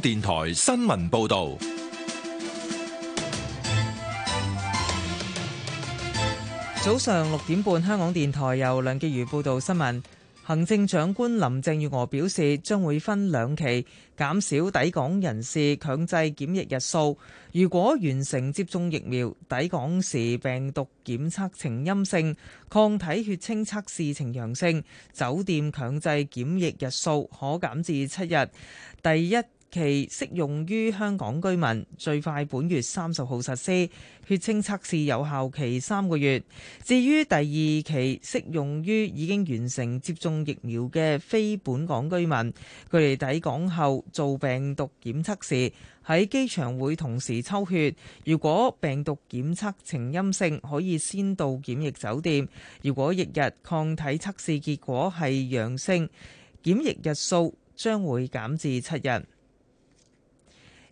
電台新聞報道，早上六點半，香港電台由梁潔如報道新聞。行政長官林鄭月娥表示，將會分兩期減少抵港人士強制檢疫日數。如果完成接種疫苗，抵港時病毒檢測呈陰性，抗體血清測試呈陽性，酒店強制檢疫日數可減至七日。第一期適用於香港居民，最快本月三十號實施血清測試，有效期三個月。至於第二期適用於已經完成接種疫苗嘅非本港居民，佢哋抵港後做病毒檢測時喺機場會同時抽血。如果病毒檢測呈陰性，可以先到檢疫酒店；如果翌日，日抗體測試結果係陽性，檢疫日數將會減至七日。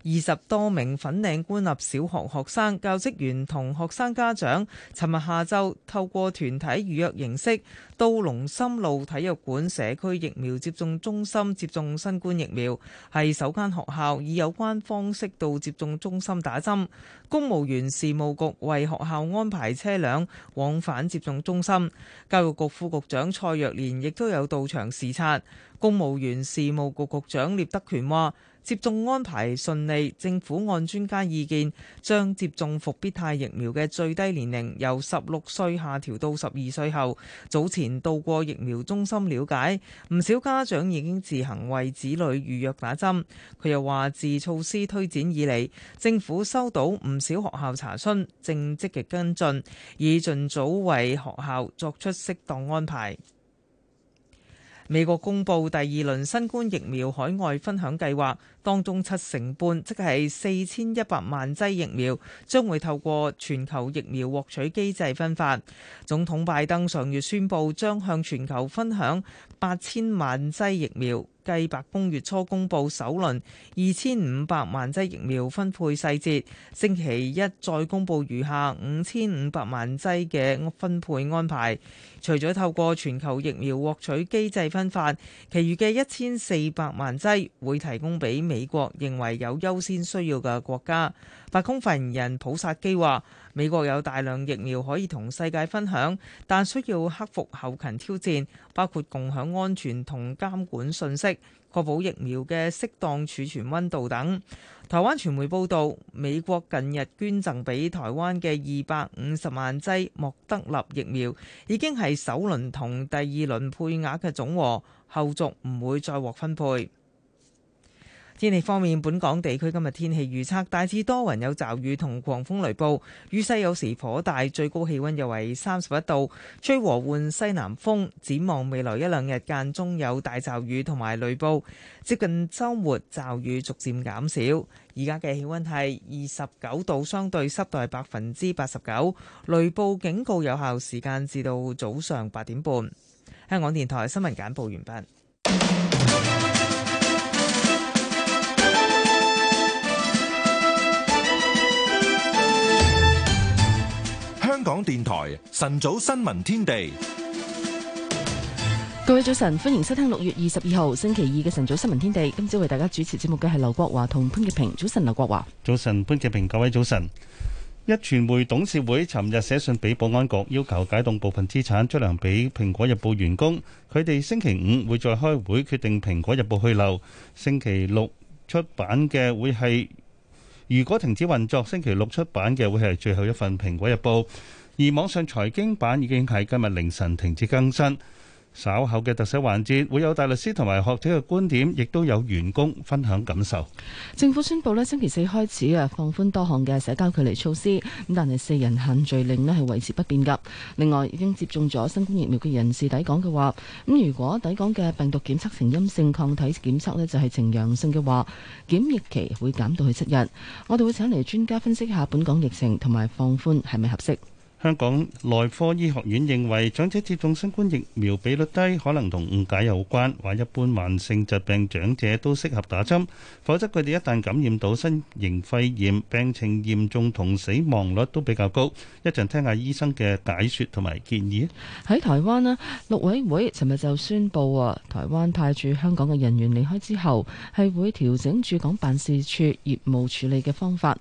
二十多名粉嶺官立小學學生、教職員同學生家長，尋日下晝透過團體預約形式，到龍琛路體育館社區疫苗接種中心接種新冠疫苗，係首間學校以有關方式到接種中心打針。公務員事務局為學校安排車輛往返接種中心，教育局副局長蔡若蓮亦都有到場視察。公務員事務局局長聶德權話。接種安排順利，政府按專家意見，將接種復必泰疫苗嘅最低年齡由十六歲下調到十二歲後，早前到過疫苗中心了解，唔少家長已經自行為子女預約打針。佢又話，自措施推展以嚟，政府收到唔少學校查詢，正積極跟進，以盡早為學校作出適當安排。美國公布第二輪新冠疫苗海外分享計劃，當中七成半，即係四千一百萬劑疫苗，將會透過全球疫苗獲取機制分發。總統拜登上月宣布，將向全球分享八千萬劑疫苗。繼白宮月初公布首輪二千五百萬劑疫苗分配細節，星期一再公布餘下五千五百萬劑嘅分配安排。除咗透過全球疫苗獲取機制分發，其餘嘅一千四百萬劑會提供俾美國認為有優先需要嘅國家。白宮發言人普薩基話，美國有大量疫苗可以同世界分享，但需要克服後勤挑戰，包括共享安全同監管信息，確保疫苗嘅適當儲存温度等。台灣傳媒報道，美國近日捐贈俾台灣嘅二百五十萬劑莫德納疫苗，已經係首輪同第二輪配額嘅總和，後續唔會再獲分配。天氣方面，本港地區今日天，天氣預測，大致多雲有驟雨同狂風雷暴，雨勢有時頗大，最高氣溫又為三十一度，吹和緩西南風。展望未來一兩日，間中有大驟雨同埋雷暴，接近周末驟雨逐漸減少。而家嘅氣溫係二十九度，相對濕度係百分之八十九，雷暴警告有效時間至到早上八點半。香港電台新聞簡報完畢。港電台晨早新聞天地，各位早晨，歡迎收聽六月二十二號星期二嘅晨早新聞天地。今朝為大家主持節目嘅係劉國華同潘潔平。早晨，劉國華。早晨，潘潔平。各位早晨。壹傳媒董事會尋日寫信俾保安局，要求解凍部分資產，出糧俾蘋果日報員工。佢哋星期五會再開會決定蘋果日報去留。星期六出版嘅會係。如果停止運作，星期六出版嘅會係最後一份《蘋果日報》，而網上財經版已經喺今日凌晨停止更新。稍後嘅特首環節，會有大律師同埋學者嘅觀點，亦都有員工分享感受。政府宣布咧，星期四開始嘅放寬多項嘅社交距離措施，咁但係四人限聚令咧係維持不變噶。另外，已經接種咗新冠疫苗嘅人士抵港嘅話，咁如果抵港嘅病毒檢測呈陰性，抗體檢測咧就係呈陽性嘅話，檢疫期會減到去七日。我哋會請嚟專家分析下本港疫情同埋放寬係咪合適。香港內科醫學院認為長者接種新冠疫苗比率低，可能同誤解有關。話一般慢性疾病長者都適合打針，否則佢哋一旦感染到新型肺炎，病情嚴重同死亡率都比較高。一陣聽下醫生嘅解說同埋建議。喺台灣咧，陸委會尋日就宣布話，台灣派駐香港嘅人員離開之後，係會調整駐港辦事處業務處理嘅方法。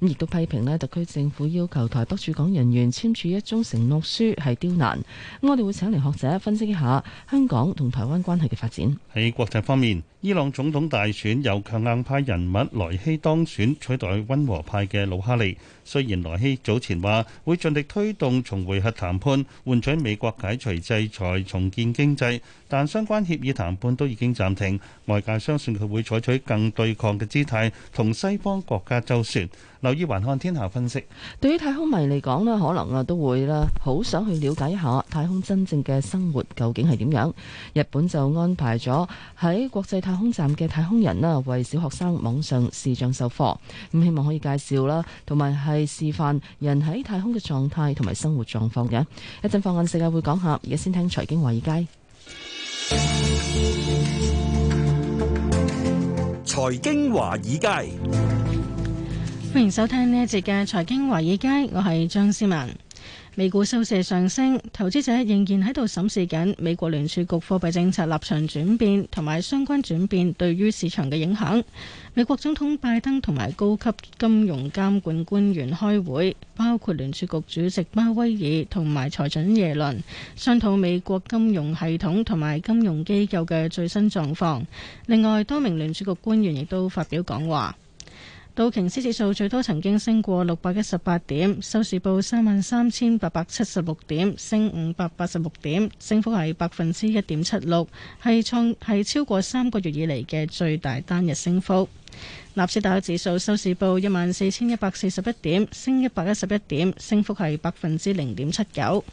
咁亦都批評咧，特區政府要求台北駐港人員遷。跟住一宗承諾書係刁難，我哋會請嚟學者分析一下香港同台灣關係嘅發展，喺國際方面。伊朗總統大選由強硬派人物萊希當選，取代溫和派嘅魯哈尼。雖然萊希早前話會盡力推動重回核談判，換取美國解除制裁，重建經濟，但相關協議談判都已經暫停。外界相信佢會採取更對抗嘅姿態，同西方國家周旋。留意環看天下分析。對於太空迷嚟講呢，可能啊都會咧好想去了解一下太空真正嘅生活究竟係點樣。日本就安排咗喺國際太空站嘅太空人啦，為小學生網上視像授課，咁希望可以介紹啦，同埋係示範人喺太空嘅狀態同埋生活狀況嘅。一陣放眼世界會講下，而家先聽財經華爾街。財經華爾街，歡迎收聽呢一節嘅財經華爾街，爾街我係張思文。美股收市上升，投資者仍然喺度審視緊美國聯儲局貨幣政策立場轉變同埋相關轉變對於市場嘅影響。美國總統拜登同埋高級金融監管官員開會，包括聯儲局主席鮑威爾同埋財長耶倫商討美國金融系統同埋金融機構嘅最新狀況，另外，多名聯儲局官員亦都發表講話。道瓊斯指數最多曾經升過六百一十八點，收市報三萬三千八百七十六點，升五百八十六點，升幅係百分之一點七六，係創係超過三個月以嚟嘅最大單日升幅。納斯達克指數收市報一萬四千一百四十一點，升一百一十一點，升幅係百分之零點七九。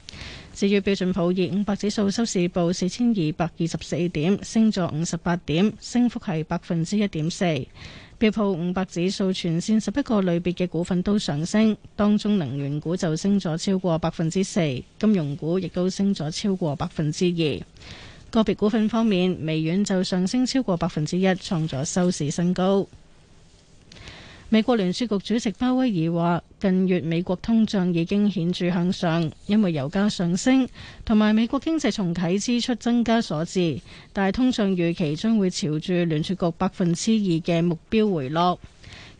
至於標準普爾五百指數收市報四千二百二十四點，升咗五十八點，升幅係百分之一點四。標普五百指數全線十一個類別嘅股份都上升，當中能源股就升咗超過百分之四，金融股亦都升咗超過百分之二。個別股份方面，微軟就上升超過百分之一，創咗收市新高。美國聯儲局主席鮑威爾話，近月美國通脹已經顯著向上，因為油價上升同埋美國經濟重啟支出增加所致，但係通脹預期將會朝住聯儲局百分之二嘅目標回落。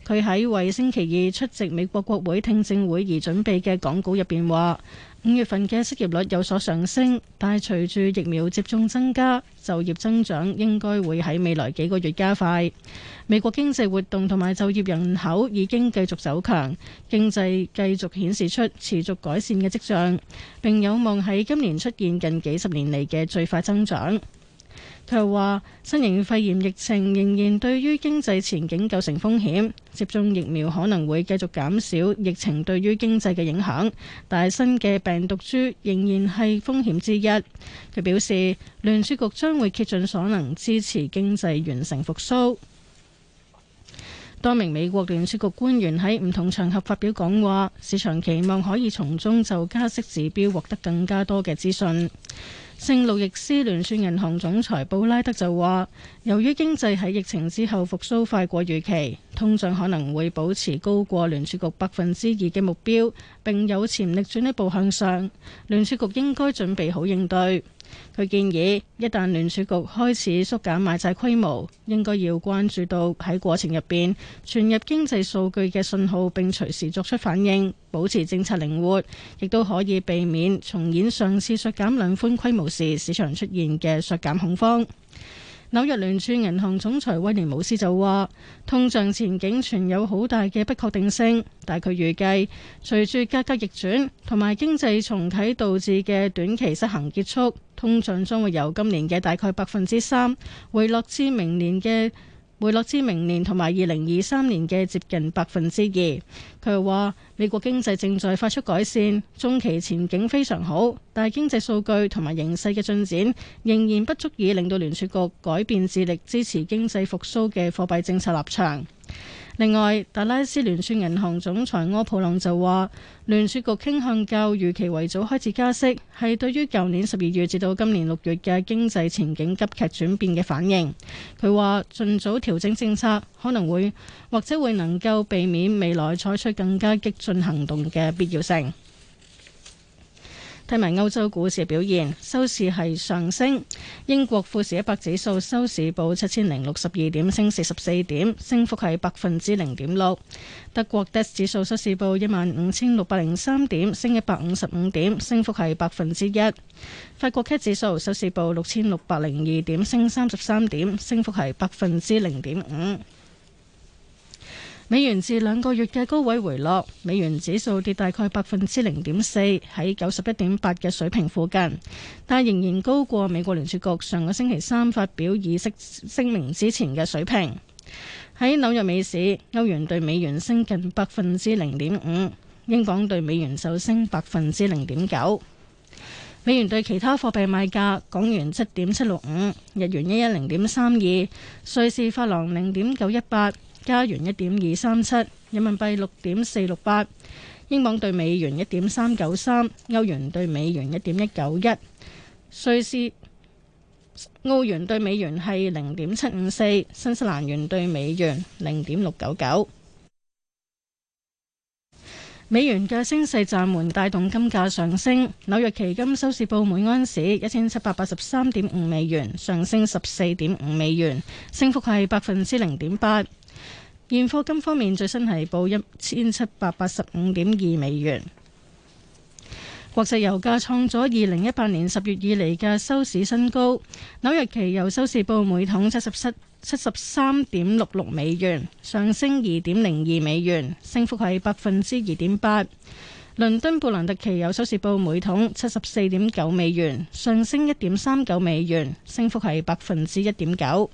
佢喺為星期二出席美國國會聽證會而準備嘅講稿入邊話。五月份嘅失業率有所上升，但係隨住疫苗接種增加，就業增長應該會喺未來幾個月加快。美國經濟活動同埋就業人口已經繼續走強，經濟繼續顯示出持續改善嘅跡象，並有望喺今年出現近幾十年嚟嘅最快增長。佢又話：新型肺炎疫情仍然對於經濟前景構成風險，接種疫苗可能會繼續減少疫情對於經濟嘅影響，但係新嘅病毒株仍然係風險之一。佢表示，聯儲局將會竭盡所能支持經濟完成復甦。多名美國聯儲局官員喺唔同場合發表講話，市場期望可以從中就加息指標獲得更加多嘅資訊。聖路易斯聯儲銀行總裁布拉德就話，由於經濟喺疫情之後復甦快過預期，通脹可能會保持高過聯儲局百分之二嘅目標，並有潛力進一步向上。聯儲局應該準備好應對。佢建議，一旦聯儲局開始縮減買債規模，應該要關注到喺過程入邊傳入經濟數據嘅信號，並隨時作出反應，保持政策靈活，亦都可以避免重演上次縮減量寬規模時市場出現嘅縮減恐慌。紐約聯儲銀行總裁威廉姆斯就話：通脹前景存有好大嘅不確定性，但佢預計隨住價格逆轉同埋經濟重啟導致嘅短期失衡結束，通脹將會由今年嘅大概百分之三，回落至明年嘅。回落至明年同埋二零二三年嘅接近百分之二。佢話美國經濟正在發出改善，中期前景非常好，但係經濟數據同埋形勢嘅進展仍然不足以令到聯儲局改變致力支持經濟復甦嘅貨幣政策立場。另外，達拉斯聯儲銀行總裁柯普朗就話，聯儲局傾向較預期為早開始加息，係對於舊年十二月至到今年六月嘅經濟前景急劇轉變嘅反應。佢話，盡早調整政策，可能會或者會能夠避免未來採取更加激進行動嘅必要性。睇埋歐洲股市表現，收市係上升。英國富時一百指數收市報七千零六十二點，升四十四點，升幅係百分之零點六。德國 DAX 指數收市報一萬五千六百零三點，升一百五十五點，升幅係百分之一。法國 CAC 指數收市報六千六百零二點，升三十三點，升幅係百分之零點五。美元至兩個月嘅高位回落，美元指數跌大概百分之零點四，喺九十一點八嘅水平附近，但仍然高過美國聯儲局上個星期三發表議息聲明之前嘅水平。喺紐約美市，歐元對美元升近百分之零點五，英鎊對美元就升百分之零點九。美元對其他貨幣賣價，港元七點七六五，日元一一零點三二，瑞士法郎零點九一八。加元一點二三七，人民幣六點四六八，英鎊兌美元一點三九三，歐元兌美元一點一九一，瑞士澳元兌美元係零點七五四，新西蘭元兌美元零點六九九。美元嘅升勢暫緩，帶動金價上升。紐約期金收市報每安士一千七百八十三點五美元，上升十四點五美元，升幅係百分之零點八。現貨金方面，最新係報一千七百八十五點二美元。國際油價創咗二零一八年十月以嚟嘅收市新高。紐約期油收市報每桶七十七七十三點六六美元，上升二點零二美元，升幅係百分之二點八。倫敦布蘭特期油收市報每桶七十四點九美元，上升一點三九美元，升幅係百分之一點九。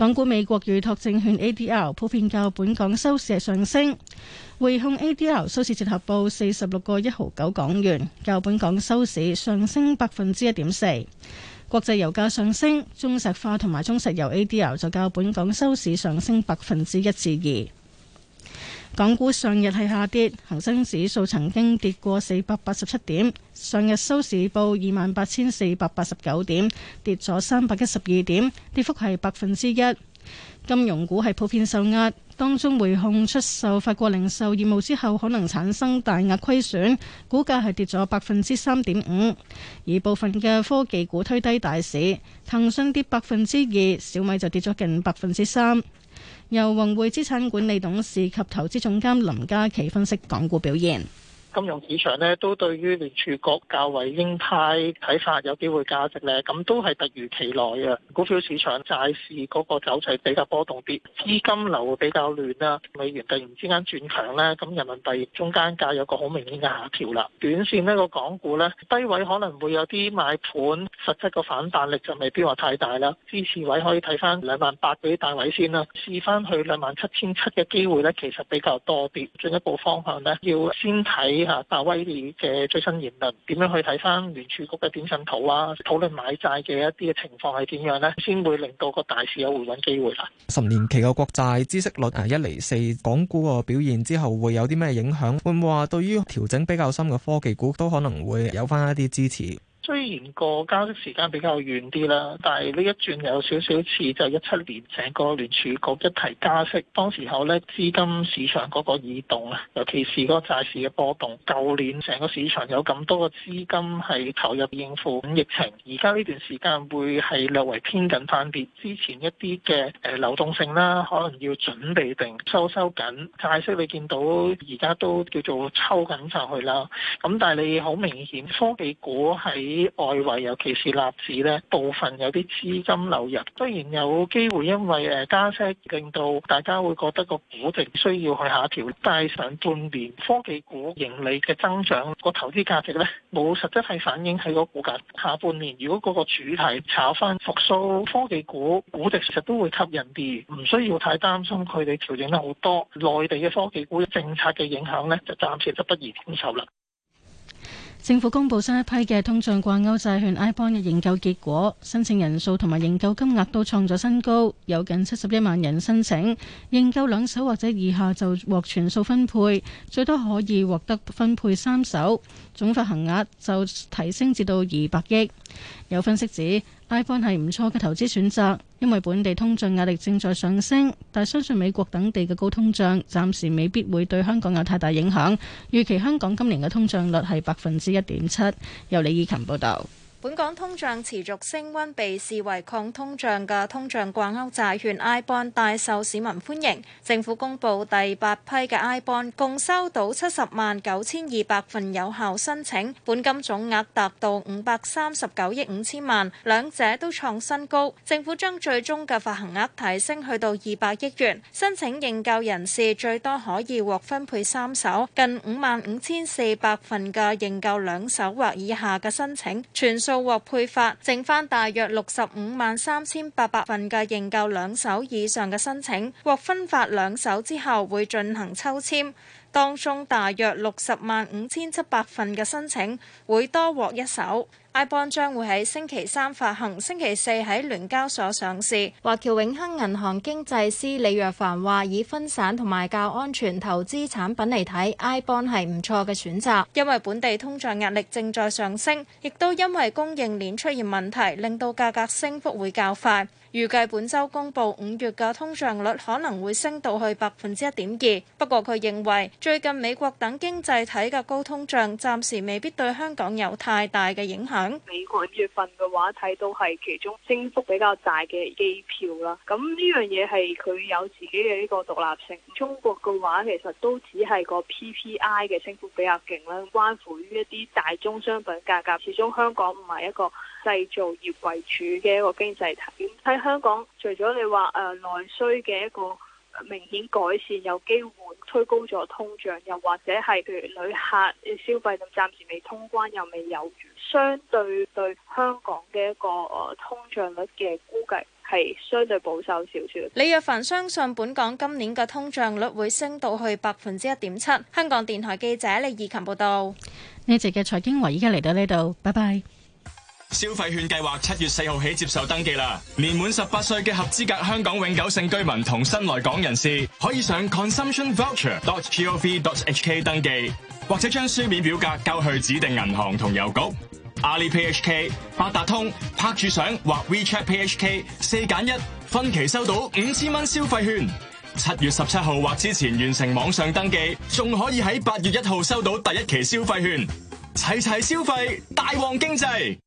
港股美國預託證券 ADR 普遍較本港收市上升，匯控 ADR 收市折合報四十六個一毫九港元，較本港收市上升百分之一點四。國際油價上升，中石化同埋中石油 ADR 就較本港收市上升百分之一至二。港股上日係下跌，恒生指數曾經跌過四百八十七點，上日收市報二萬八千四百八十九點，跌咗三百一十二點，跌幅係百分之一。金融股係普遍受壓，當中匯控出售法國零售業務之後，可能產生大額虧損，股價係跌咗百分之三點五。而部分嘅科技股推低大市，騰訊跌百分之二，小米就跌咗近百分之三。由宏匯資產管理董事及投資總監林嘉琪分析港股表現。金融市場咧都對於聯儲局較為鷹派睇法有機會價值咧，咁都係突如其來嘅。股票市場、債市嗰個走勢比較波動啲，資金流會比較亂啦。美元突然之間轉強咧，咁人民幣中間價有個好明顯嘅下調啦。短線呢個港股咧低位可能會有啲買盤，實質個反彈力就未必話太大啦。支持位可以睇翻兩萬八啲大位先啦，試翻去兩萬七千七嘅機會咧，其實比較多啲。進一步方向咧，要先睇下大威利嘅最新言論，點樣去睇翻聯儲局嘅點陣圖啊？討論買債嘅一啲嘅情況係點樣咧？先會令到個大市有回穩機會啦。十年期嘅國債孳息率啊，一釐四，港股個表現之後會有啲咩影響？會唔會話對於調整比較深嘅科技股都可能會有翻一啲支持？雖然個加息時間比較遠啲啦，但係呢一轉有少少似就係一七年成個聯儲局一提加息，當時候呢資金市場嗰個異動啊，尤其是個債市嘅波動。舊年成個市場有咁多嘅資金係投入應付緊疫情，而家呢段時間會係略為偏緊翻啲。之前一啲嘅誒流動性啦，可能要準備定收收緊，債息你見到而家都叫做抽緊上去啦。咁但係你好明顯科技股係。以外圍尤其是立指咧，部分有啲資金流入。雖然有機會因為誒、呃、加息，令到大家會覺得個股值需要去下調，但係上半年科技股盈利嘅增長，個投資價值咧冇實質係反映喺個股價。下半年如果嗰個主題炒翻復甦科技股，股值其實都會吸引啲，唔需要太擔心佢哋調整得好多。內地嘅科技股政策嘅影響咧，就暫時就不宜承受啦。政府公布新一批嘅通脹掛鈎債券 iBond 嘅認購結果，申請人數同埋認購金額都創咗新高，有近七十一萬人申請，認購兩手或者以下就獲全數分配，最多可以獲得分配三手，總發行額就提升至到二百億。有分析指，i p 係唔錯嘅投資選擇，因為本地通脹壓力正在上升，但相信美國等地嘅高通脹暫時未必會對香港有太大影響。預期香港今年嘅通脹率係百分之一點七。由李以琴報導。本港通脹持續升溫，被視為抗通脹嘅通脹掛鈎債券 I Bond 大受市民歡迎。政府公布第八批嘅 I Bond，共收到七十萬九千二百份有效申請，本金總額達到五百三十九億五千萬，兩者都創新高。政府將最終嘅發行額提升去到二百億元，申請認購人士最多可以獲分配三手，近五萬五千四百份嘅認購兩手或以下嘅申請全。做獲配發，剩翻大約六十五萬三千八百份嘅認購兩手以上嘅申請，獲分發兩手之後會進行抽籤，當中大約六十萬五千七百份嘅申請會多獲一手。iBond 將會喺星期三發行，星期四喺聯交所上市。華僑永亨銀行經濟師李若凡話，以分散同埋較安全投資產品嚟睇，iBond 係唔錯嘅選擇。因為本地通脹壓力正在上升，亦都因為供應鏈出現問題，令到價格升幅會較快。預計本週公佈五月嘅通脹率可能會升到去百分之一點二。不過佢認為，最近美國等經濟體嘅高通脹暫時未必對香港有太大嘅影響。美國五月份嘅話睇到，係其中升幅比較大嘅機票啦，咁呢樣嘢，係佢有自己嘅呢個獨立性。中國嘅話其實都只係個 PPI 嘅升幅比較勁啦，關乎於一啲大宗商品價格。始終香港唔係一個製造業為主嘅一個經濟體。喺香港，除咗你話誒內需嘅一個。明顯改善，有機會推高咗通脹，又或者係譬如旅客消費暫時未通關又未有餘，相對對香港嘅一個、呃、通脹率嘅估計係相對保守少少。李若凡相信本港今年嘅通脹率會升到去百分之一點七。香港電台記者李義琴報道。呢一集嘅財經話，依家嚟到呢度，拜拜。消費券計劃七月四號起接受登記啦，年滿十八歲嘅合資格香港永久性居民同新來港人士，可以上 consumptionvoucher.gov.hk 登記，或者將書面表格交去指定銀行同郵局，AlipayHK 八達通拍住賞或 WeChat Pay HK 四揀一，1，分期收到五千蚊消費券，七月十七號或之前完成網上登記，仲可以喺八月一號收到第一期消費券，齊齊消費，大旺經濟。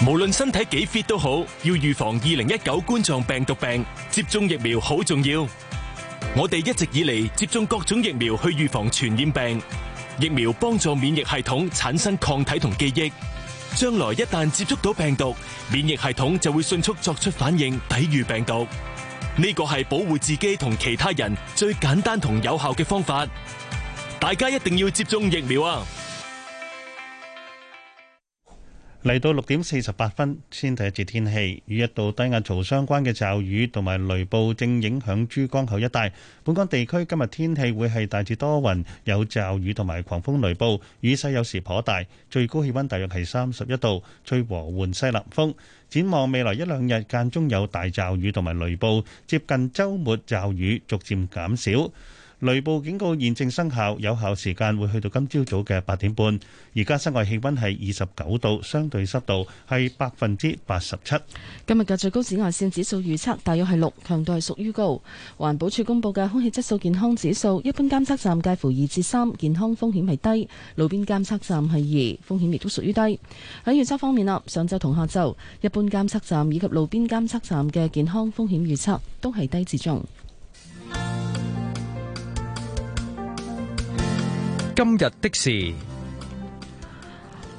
無論身體幾 fit 都好，要預防二零一九冠狀病毒病，接種疫苗好重要。我哋一直以嚟接種各種疫苗去預防傳染病，疫苗幫助免疫系統產生抗體同記憶，將來一旦接觸到病毒，免疫系統就會迅速作出反應，抵禦病毒。呢個係保護自己同其他人最簡單同有效嘅方法，大家一定要接種疫苗啊！嚟到六點四十八分先睇一節天氣，與一道低壓槽相關嘅驟雨同埋雷暴正影響珠江口一帶。本港地區今日天氣會係大致多雲，有驟雨同埋狂風雷暴，雨勢有時頗大，最高氣温大約係三十一度，吹和緩西南風。展望未來一兩日間中有大驟雨同埋雷暴，接近週末驟雨逐漸減少。雷暴警告現正生效，有效時間會去到今朝早嘅八點半。而家室外氣温係二十九度，相對濕度係百分之八十七。今日嘅最高紫外線指數預測大約係六，強度係屬於高。環保署公布嘅空氣質素健康指數，一般監測站介乎二至三，健康風險係低；路邊監測站係二，風險亦都屬於低。喺預測方面啦，上晝同下晝，一般監測站以及路邊監測站嘅健康風險預測都係低至中。今日的事，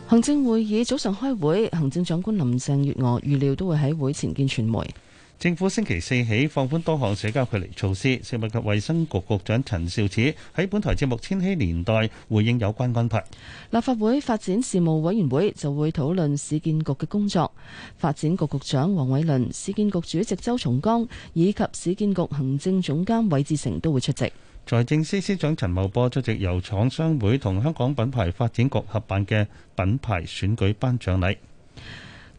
行政會議早上開會，行政長官林鄭月娥預料都會喺會前見傳媒。政府星期四起放寬多項社交距離措施，食物及衛生局局長陳肇始喺本台節目《千禧年代》回應有關安排。立法會發展事務委員會就會討論市建局嘅工作，發展局局長黃偉綸、市建局主席周松崗以及市建局行政總監韋志成都會出席。財政司司長陳茂波出席由廠商會同香港品牌發展局合辦嘅品牌選舉頒獎禮。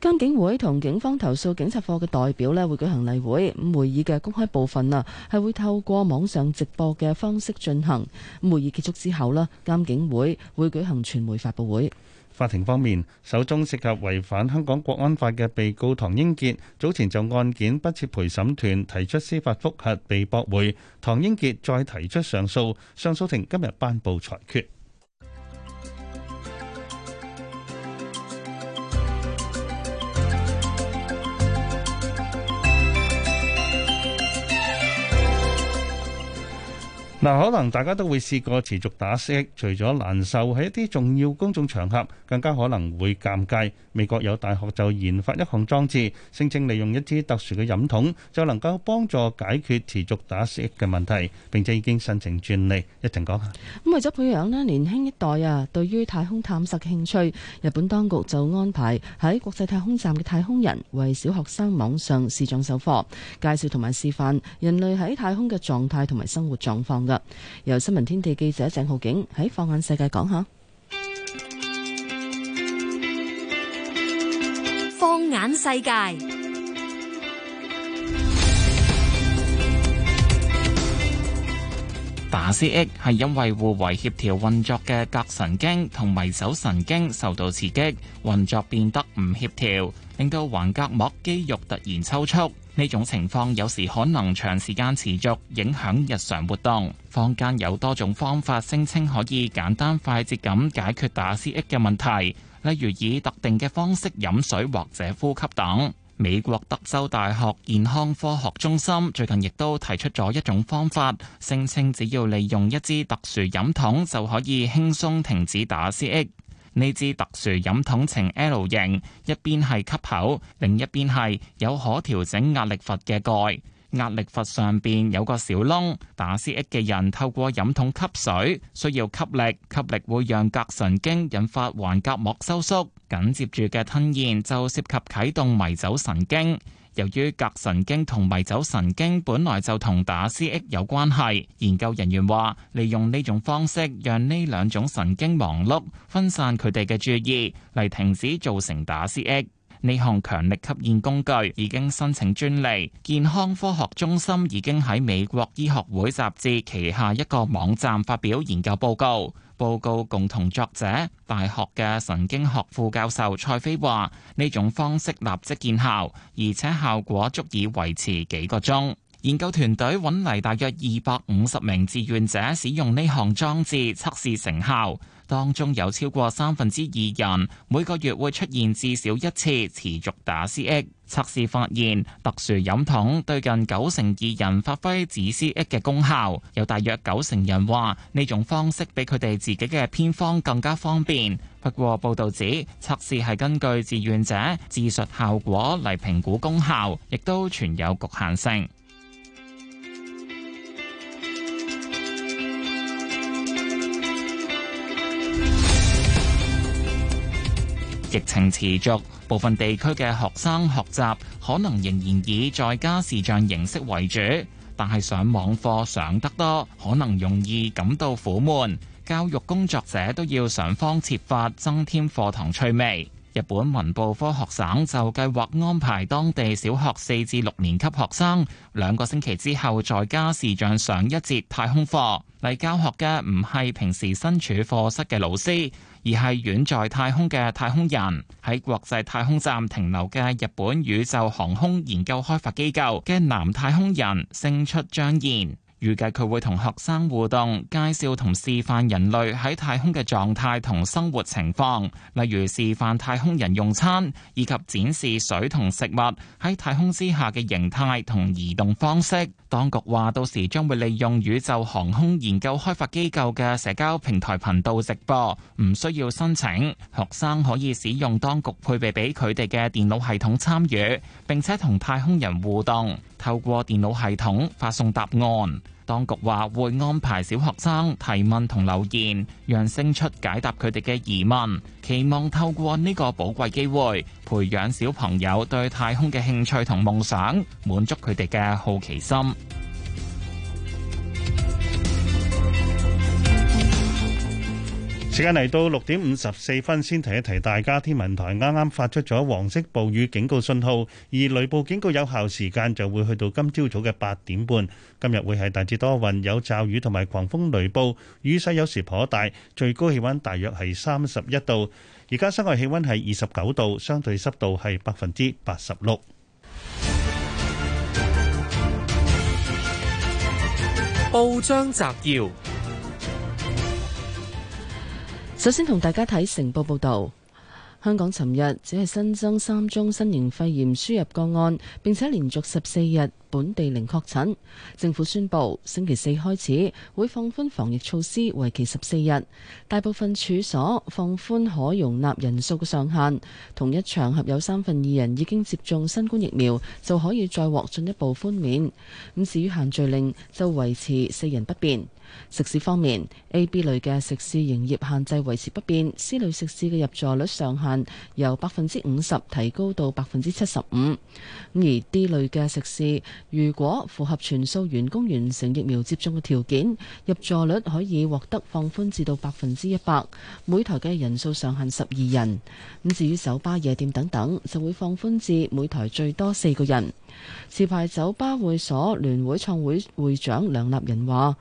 監警會同警方投訴警察課嘅代表呢會舉行例會，咁會議嘅公開部分啊係會透過網上直播嘅方式進行。咁會議結束之後呢，監警會會舉行傳媒發布會。法庭方面，首宗涉及違反香港國安法嘅被告唐英傑，早前就案件不設陪審團提出司法複核被駁回，唐英傑再提出上訴，上訴庭今日頒布裁決。嗱，可能大家都會試過持續打嗝，除咗難受，喺一啲重要公眾場合更加可能會尷尬。美國有大學就研發一項裝置，聲稱利用一支特殊嘅飲筒，就能夠幫助解決持續打嗝嘅問題。並且已經申請專利，一陣講下。咁為咗培養呢年輕一代啊對於太空探索嘅興趣，日本當局就安排喺國際太空站嘅太空人為小學生網上上視像授課，介紹同埋示範人類喺太空嘅狀態同埋生活狀況。啦，由新聞天地記者鄭浩景喺放眼世界講下。放眼世界打 C X 係因為互為協調運作嘅隔神經同迷走神經受到刺激，運作變得唔協調，令到橫隔膜肌肉突然抽搐。呢種情況有時可能長時間持續，影響日常活動。坊間有多種方法聲稱可以簡單快捷咁解決打思噎嘅問題，例如以特定嘅方式飲水或者呼吸等。美國德州大學健康科學中心最近亦都提出咗一種方法，聲稱只要利用一支特殊飲筒就可以輕鬆停止打思噎。呢支特殊飲筒呈 L 型，一邊係吸口，另一邊係有可調整壓力閥嘅蓋。壓力閥上邊有個小窿，打 c x 嘅人透過飲筒吸水，需要吸力。吸力會讓膈神經引發橫膈膜收縮，緊接住嘅吞咽就涉及啟動迷走神經。由於膈神經同迷走神經本來就同打 cx 有關係，研究人員話，利用呢種方式讓呢兩種神經忙碌，分散佢哋嘅注意，嚟停止造成打 cx。呢項強力吸煙工具已經申請專利，健康科學中心已經喺美國醫學會雜誌旗下一個網站發表研究報告。報告共同作者大學嘅神經學副教授蔡飛話：呢種方式立即見效，而且效果足以維持幾個鐘。研究團隊揾嚟，大約二百五十名志願者使用呢項裝置測試成效，當中有超過三分之二人每個月會出現至少一次持續打 C.E. 測試發現，特殊飲筒對近九成二人發揮止 C.E. 嘅功效。有大約九成人話呢種方式比佢哋自己嘅偏方更加方便。不過，報道指測試係根據志願者自述效果嚟評估功效，亦都存有局限性。疫情持續，部分地區嘅學生學習可能仍然以在家視像形式為主，但係上網課上得多，可能容易感到苦悶。教育工作者都要想方設法增添課堂趣味。日本文部科學省就計劃安排當地小學四至六年級學生兩個星期之後在家視像上一節太空課，嚟教學嘅唔係平時身處課室嘅老師。而係遠在太空嘅太空人，喺國際太空站停留嘅日本宇宙航空研究開發機構嘅男太空人星出彰彥。預計佢會同學生互動，介紹同示範人類喺太空嘅狀態同生活情況，例如示範太空人用餐，以及展示水同食物喺太空之下嘅形態同移動方式。當局話，到時將會利用宇宙航空研究開發機構嘅社交平台頻道直播，唔需要申請，學生可以使用當局配備畀佢哋嘅電腦系統參與，並且同太空人互動。透過電腦系統發送答案，當局話會安排小學生提問同留言，讓星出解答佢哋嘅疑問，期望透過呢個寶貴機會，培養小朋友對太空嘅興趣同夢想，滿足佢哋嘅好奇心。時間嚟到六點五十四分，先提一提大家。天文台啱啱發出咗黃色暴雨警告信號，而雷暴警告有效時間就會去到今朝早嘅八點半。今日會係大致多雲，有驟雨同埋狂風雷暴，雨勢有時頗大，最高氣溫大約係三十一度。而家室外氣溫係二十九度，相對濕度係百分之八十六。報章摘要。首先同大家睇成報報道，香港尋日只係新增三宗新型肺炎輸入個案，並且連續十四日本地零確診。政府宣布星期四開始會放寬防疫措施，為期十四日。大部分處所放寬可容納人數嘅上限，同一場合有三分二人已經接種新冠疫苗就可以再獲進一步寬免。咁至於限聚令就維持四人不變。食肆方面，A、B 類嘅食肆營業限制維持不變；C 類食肆嘅入座率上限由百分之五十提高到百分之七十五。咁而 D 類嘅食肆，如果符合全數員工完成疫苗接種嘅條件，入座率可以獲得放寬至到百分之一百，每台嘅人數上限十二人。咁至於酒吧、夜店等等，就會放寬至每台最多四個人。持牌酒吧會所聯會創會會長梁立仁話。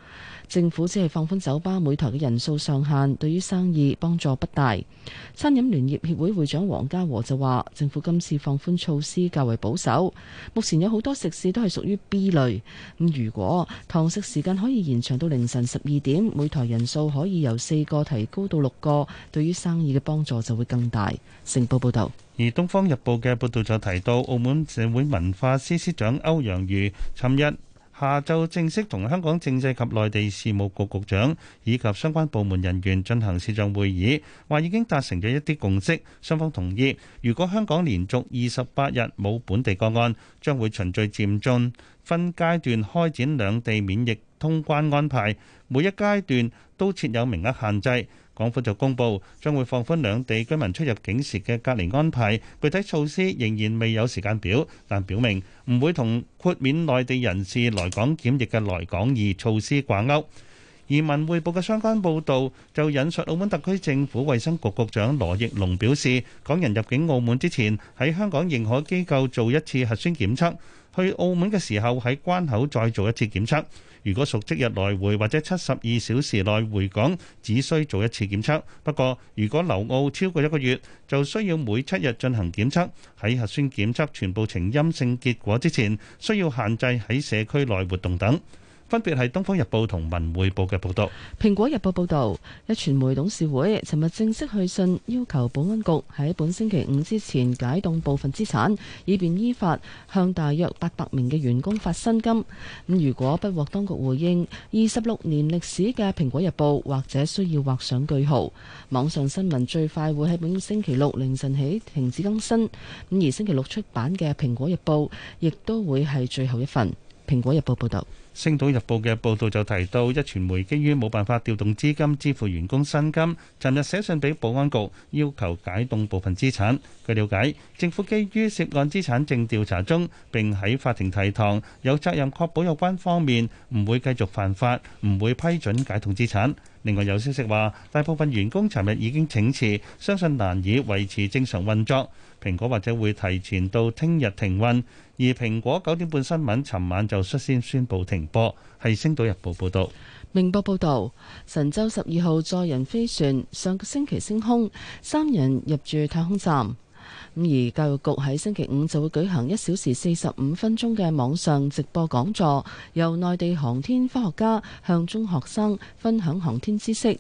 政府只係放寬酒吧每台嘅人數上限，對於生意幫助不大。餐飲聯業協會會長黃家和就話：政府今次放寬措施較為保守。目前有好多食肆都係屬於 B 類，咁如果堂食時間可以延長到凌晨十二點，每台人數可以由四個提高到六個，對於生意嘅幫助就會更大。成報報道。而《東方日報》嘅報導就提到，澳門社會文化司司長歐陽瑜尋日下晝正式同香港政制及內地事務局局長以及相關部門人員進行視像會議，話已經達成咗一啲共識，雙方同意如果香港連續二十八日冇本地個案，將會循序漸進分階段開展兩地免疫通關安排，每一階段都設有名額限制。港府就公布將會放寬兩地居民出入境時嘅隔離安排，具體措施仍然未有時間表，但表明唔會同豁免內地人士來港檢疫嘅來港易措施掛鈎。而文匯報嘅相關報導就引述澳門特區政府衛生局局長羅奕龍表示，港人入境澳門之前喺香港認可機構做一次核酸檢測，去澳門嘅時候喺關口再做一次檢測。如果屬即日來回或者七十二小時內回港，只需做一次檢測。不過，如果留澳超過一個月，就需要每七日進行檢測。喺核酸檢測全部呈陰性結果之前，需要限制喺社區內活動等。分別係《東方日報》同《文匯報》嘅報道，《蘋果日報》報導，一傳媒董事會尋日正式去信要求保安局喺本星期五之前解凍部分資產，以便依法向大約八百名嘅員工發薪金。咁如果不獲當局回應，二十六年歷史嘅《蘋果日報》或者需要畫上句號。網上新聞最快會喺本星期六凌晨起停止更新，咁而星期六出版嘅《蘋果日報》亦都會係最後一份。《蘋果日報》報導。《星島日報》嘅報道就提到，一傳媒基於冇辦法調動資金支付員工薪金，尋日寫信俾保安局，要求解凍部分資產。據了解，政府基於涉案資產正調查中，並喺法庭提堂，有責任確保有關方面唔會繼續犯法，唔會批准解凍資產。另外有消息話，大部分員工尋日已經請辭，相信難以維持正常運作。蘋果或者會提前到聽日停運，而蘋果九點半新聞，尋晚就率先宣布停播，係《星島日報》報導。明報報導，神舟十二號載人飛船上個星期升空，三人入住太空站。咁而教育局喺星期五就會舉行一小時四十五分鐘嘅網上直播講座，由內地航天科學家向中學生分享航天知識。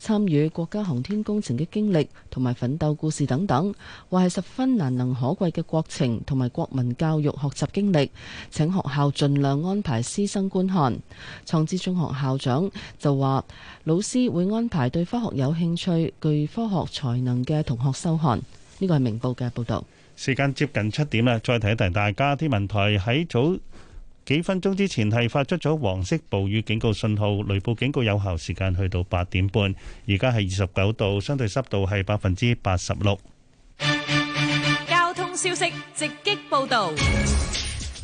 參與國家航天工程嘅經歷同埋奮鬥故事等等，話係十分難能可貴嘅國情同埋國民教育學習經歷。請學校盡量安排師生觀看。創知中學校長就話，老師會安排對科學有興趣、具科學才能嘅同學收看。呢個係明報嘅報導。時間接近七點啦，再提一提大家。天文台喺早幾分鐘之前係發出咗黃色暴雨警告信號，雷暴警告有效時間去到八點半。而家係二十九度，相對濕度係百分之八十六。交通消息直擊報導。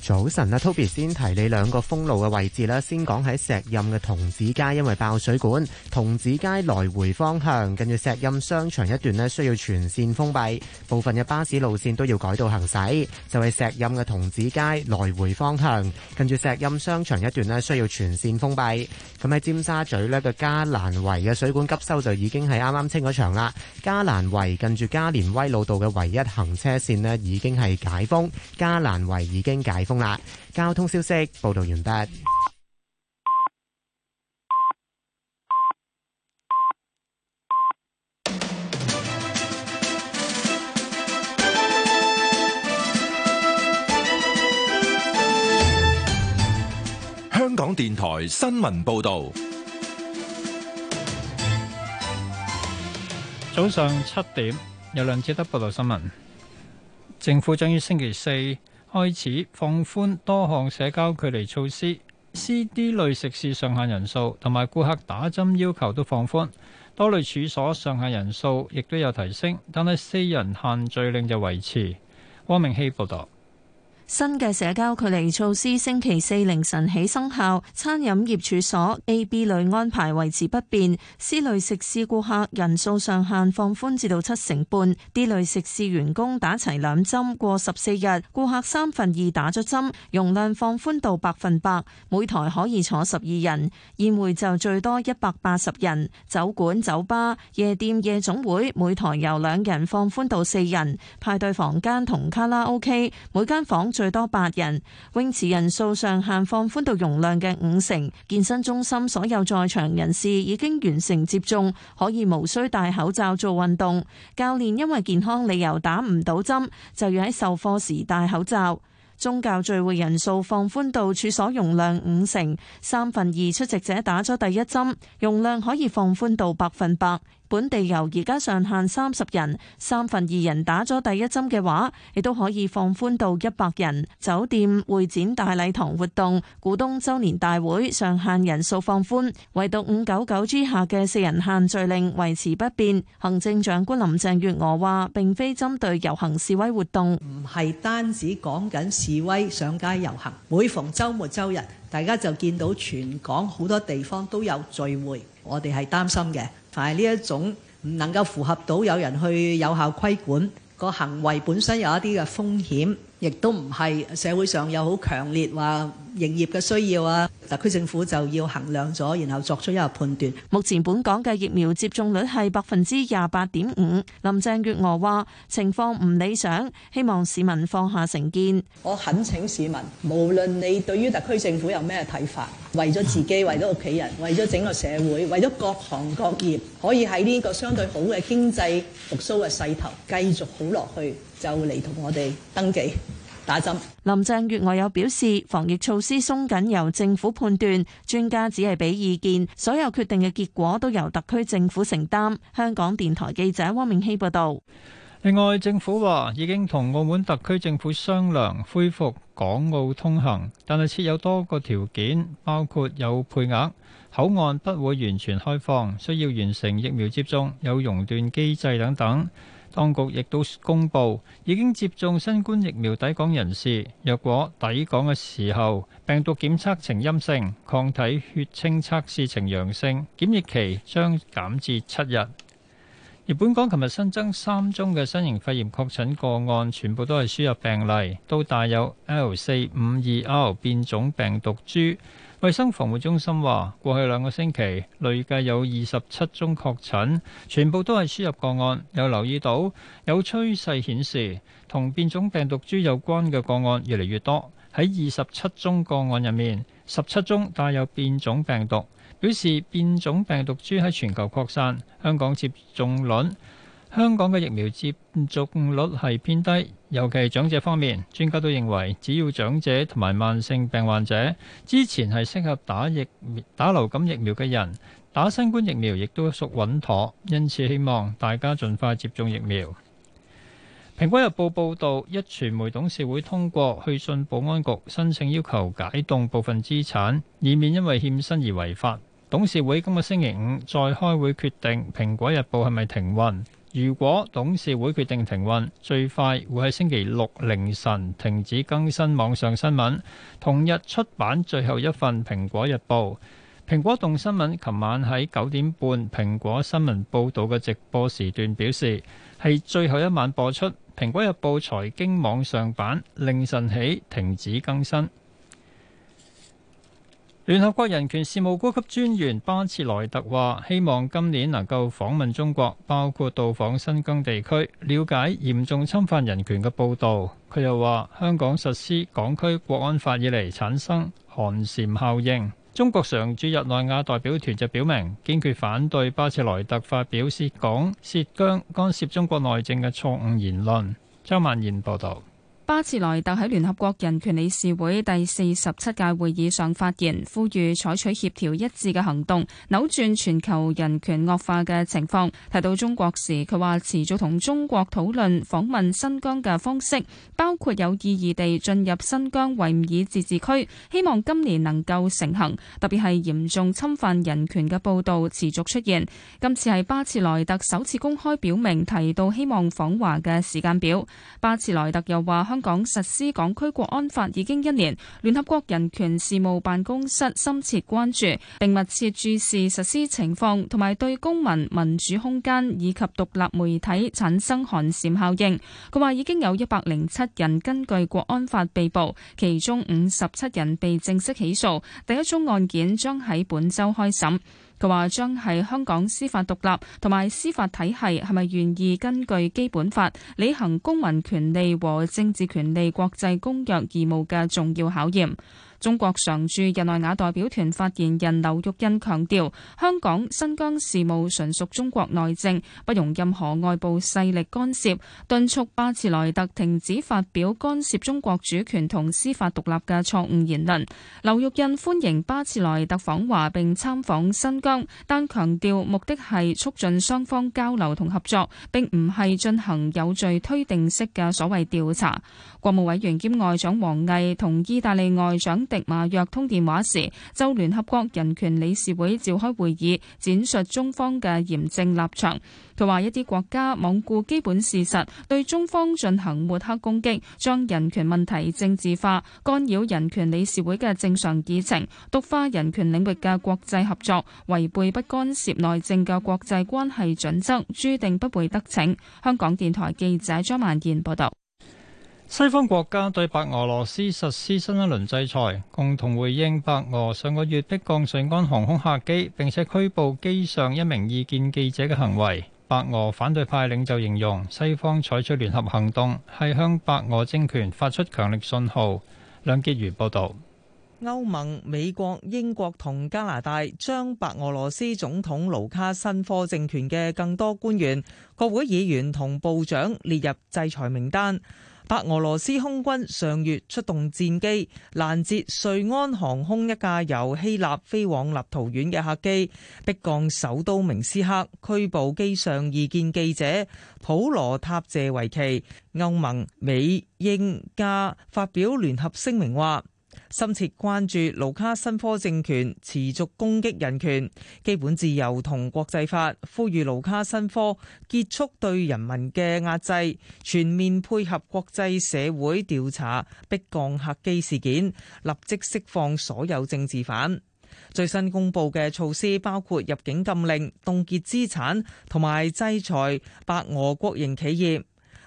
早晨啊，Toby 先提你兩個封路嘅位置啦，先講喺石蔭嘅童子街，因為爆水管，童子街來回方向，近住石蔭商場一段咧需要全線封閉，部分嘅巴士路線都要改道行駛。就係石蔭嘅童子街來回方向，近住石蔭商場一段咧需要全線封閉。咁喺尖沙咀咧個加蘭圍嘅水管急修就已經係啱啱清咗場啦，加蘭圍近住加連威老道嘅唯一行車線咧已經係解封，加蘭圍已經解封。啦。交通消息報道完畢。香港電台新聞報道。早上七點，有梁志德報道新聞。政府將於星期四，開始放寬多項社交距離措施，C、D 類食肆上限人數同埋顧客打針要求都放寬，多類處所上限人數亦都有提升，但係四人限聚令就維持。汪明希報導。新嘅社交距離措施星期四凌晨起生效，餐飲業處所 A、B 類安排維持不變，C 類食肆顧客人數上限放寬至到七成半，D 類食肆員工打齊兩針過十四日，顧客三分二打咗針，容量放寬到百分百，每台可以坐十二人，宴會就最多一百八十人，酒館、酒吧、夜店、夜總會每台由兩人放寬到四人，派對房間同卡拉 OK 每間房，最多八人。泳池人數上限放寬到容量嘅五成，健身中心所有在場人士已經完成接種，可以無需戴口罩做運動。教練因為健康理由打唔到針，就要喺授課時戴口罩。宗教聚會人數放寬到處所容量五成，三分二出席者打咗第一針，容量可以放寬到百分百。本地遊而家上限三十人，三分二人打咗第一針嘅話，亦都可以放寬到一百人。酒店、會展、大禮堂活動、股東周年大會上限人數放寬，唯獨五九九之下嘅四人限聚令維持不變。行政長官林鄭月娥話，並非針對遊行示威活動，唔係單止講緊示威上街遊行。每逢周末周日，大家就見到全港好多地方都有聚會。我哋係擔心嘅，但係呢一種唔能夠符合到有人去有效規管這個行為，本身有一啲嘅風險。亦都唔係社會上有好強烈話營業嘅需要啊，特區政府就要衡量咗，然後作出一個判斷，目前本港嘅疫苗接種率係百分之廿八點五，林鄭月娥話情況唔理想，希望市民放下成見，我懇請市民，無論你對於特區政府有咩睇法，為咗自己，為咗屋企人，為咗整個社會，為咗各行各業，可以喺呢個相對好嘅經濟復甦嘅勢頭繼續好落去。就嚟同我哋登記打針。林鄭月娥有表示，防疫措施鬆緊由政府判斷，專家只係俾意見，所有決定嘅結果都由特區政府承擔。香港電台記者汪明熙報導。另外，政府話已經同澳門特區政府商量恢復港澳通行，但係設有多個條件，包括有配額、口岸不會完全開放、需要完成疫苗接種、有熔斷機制等等。當局亦都公布，已經接種新冠疫苗抵港人士，若果抵港嘅時候，病毒檢測呈陰性，抗體血清測試呈陽性，檢疫期將減至七日。而本港琴日新增三宗嘅新型肺炎確診個案，全部都係輸入病例，都帶有 L 四五二 R 變種病毒株。衛生防護中心話，過去兩個星期累計有二十七宗確診，全部都係輸入個案。有留意到，有趨勢顯示，同變種病毒株有關嘅個案越嚟越多。喺二十七宗個案入面，十七宗帶有變種病毒，表示變種病毒株喺全球擴散。香港接種率。香港嘅疫苗接種率係偏低，尤其係長者方面。專家都認為，只要長者同埋慢性病患者之前係適合打疫打流感疫苗嘅人，打新冠疫苗亦都屬穩妥。因此，希望大家盡快接種疫苗。《蘋果日報》報導，一傳媒董事會通過去信保安局，申請要求解凍部分資產，以免因為欠薪而違法。董事會今日星期五再開會決定《蘋果日報》係咪停運。如果董事會決定停運，最快會喺星期六凌晨停止更新網上新聞，同日出版最後一份《蘋果日報》。蘋果動新聞琴晚喺九點半蘋果新聞報導嘅直播時段表示，係最後一晚播出《蘋果日報》財經網上版，凌晨起停止更新。聯合國人權事務高級專員巴切萊特話：希望今年能夠訪問中國，包括到訪新疆地區，了解嚴重侵犯人權嘅報導。佢又話：香港實施港區國安法以嚟，產生寒蟬效應。中國常駐日內亞代表團就表明，堅決反對巴切萊特發表涉港、涉疆、干涉中國內政嘅錯誤言論。張曼燕報導。巴茨萊特喺聯合國人權理事會第四十七屆會議上發言，呼籲採取協調一致嘅行動，扭轉全球人權惡化嘅情況。提到中國時，佢話持續同中國討論訪問新疆嘅方式，包括有意義地進入新疆維吾爾自治區，希望今年能夠成行。特別係嚴重侵犯人權嘅報道持續出現，今次係巴茨萊特首次公開表明提到希望訪華嘅時間表。巴茨萊特又話，香港實施港區國安法已經一年，聯合國人權事務辦公室深切關注，並密切注視實施情況，同埋對公民、民主空間以及獨立媒體產生寒蟬效應。佢話已經有一百零七人根據國安法被捕，其中五十七人被正式起訴，第一宗案件將喺本周開審。佢話：將係香港司法獨立同埋司法體系係咪願意根據基本法履行公民權利和政治權利國際公約義務嘅重要考驗。中國常駐日內瓦代表團迪馬約通電話時，就聯合國人權理事會召開會議，展述中方嘅嚴正立場。佢話一啲國家罔顧基本事實，對中方進行抹黑攻擊，將人權問題政治化，干擾人權理事會嘅正常議程，毒化人權領域嘅國際合作，違背不干涉內政嘅國際關係準則，注定不會得逞。香港電台記者張曼燕報道。西方國家對白俄羅斯實施新一輪制裁，共同回應白俄上個月逼降瑞安航空客機並且拘捕機上一名異見記者嘅行為。白俄反對派領袖形容西方採取聯合行動係向白俄政權發出強力信號。梁潔如報導，歐盟、美國、英國同加拿大將白俄羅斯總統盧卡申科政權嘅更多官員、國會議員同部長列入制裁名單。白俄羅斯空軍上月出動戰機攔截瑞安航空一架由希臘飛往立陶宛嘅客機，迫降首都明斯克，拘捕機上異見記者普羅塔謝維奇。歐盟、美、英、加發表聯合聲明話。深切關注盧卡申科政權持續攻擊人權、基本自由同國際法，呼籲盧卡申科結束對人民嘅壓制，全面配合國際社會調查逼降客機事件，立即釋放所有政治犯。最新公布嘅措施包括入境禁令、凍結資產同埋制裁白俄國營企業。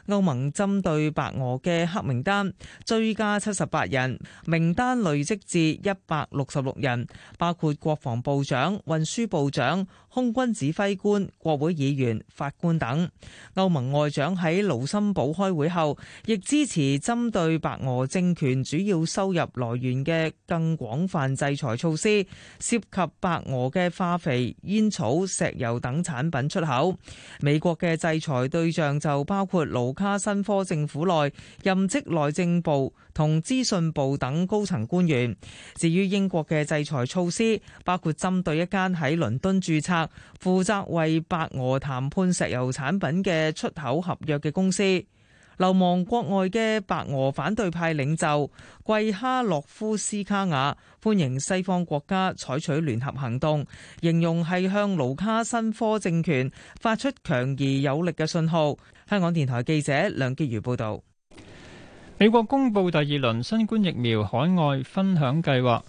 歐盟針對白俄嘅黑名單追加七十八人，名單累積至一百六十六人，包括國防部長、運輸部長、空軍指揮官、國會議員、法官等。歐盟外長喺盧森堡開會後，亦支持針對白俄政權主要收入來源嘅更廣泛制裁措施，涉及白俄嘅化肥、煙草、石油等產品出口。美國嘅制裁對象就包括盧。卡申科政府內任職內政部同資訊部等高層官員。至於英國嘅制裁措施，包括針對一間喺倫敦註冊、負責為白俄談判石油產品嘅出口合約嘅公司。流亡國外嘅白俄反對派領袖季哈諾夫斯卡亞，歡迎西方國家採取聯合行動，形容係向盧卡申科政權發出強而有力嘅信號。香港電台記者梁潔如報道：美國公布第二輪新冠疫苗海外分享計劃，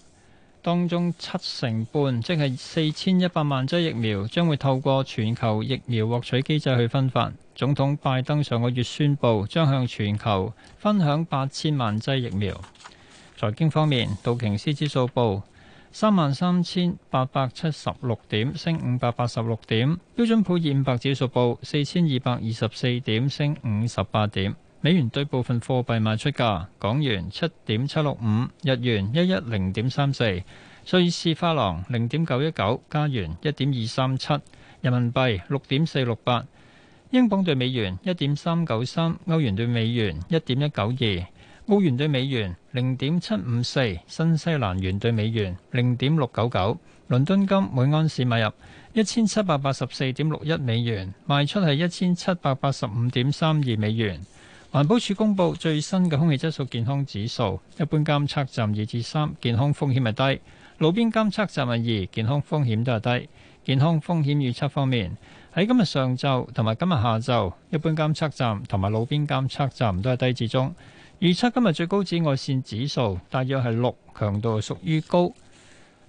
當中七成半，即係四千一百萬劑疫苗，將會透過全球疫苗獲取機制去分發。總統拜登上個月宣布，將向全球分享八千萬劑疫苗。財經方面，道瓊斯指數報。三萬三千八百七十六點，升五百八十六點。標準普爾五百指數報四千二百二十四點，升五十八點。美元對部分貨幣賣出價：港元七點七六五，日元一一零點三四，瑞士法郎零點九一九，加元一點二三七，人民幣六點四六八，英鎊對美元一點三九三，歐元對美元一點一九二。歐元兌美元零點七五四，新西蘭元兌美元零點六九九，倫敦金每安士買入一千七百八十四點六一美元，賣出係一千七百八十五點三二美元。環保署公布最新嘅空氣質素健康指數，一般監測站二至三，健康風險係低；路邊監測站係二，健康風險都係低。健康風險預測方面，喺今日上晝同埋今日下晝，一般監測站同埋路邊監測站都係低至中。預測今日最高紫外線指數大約係六，強度屬於高。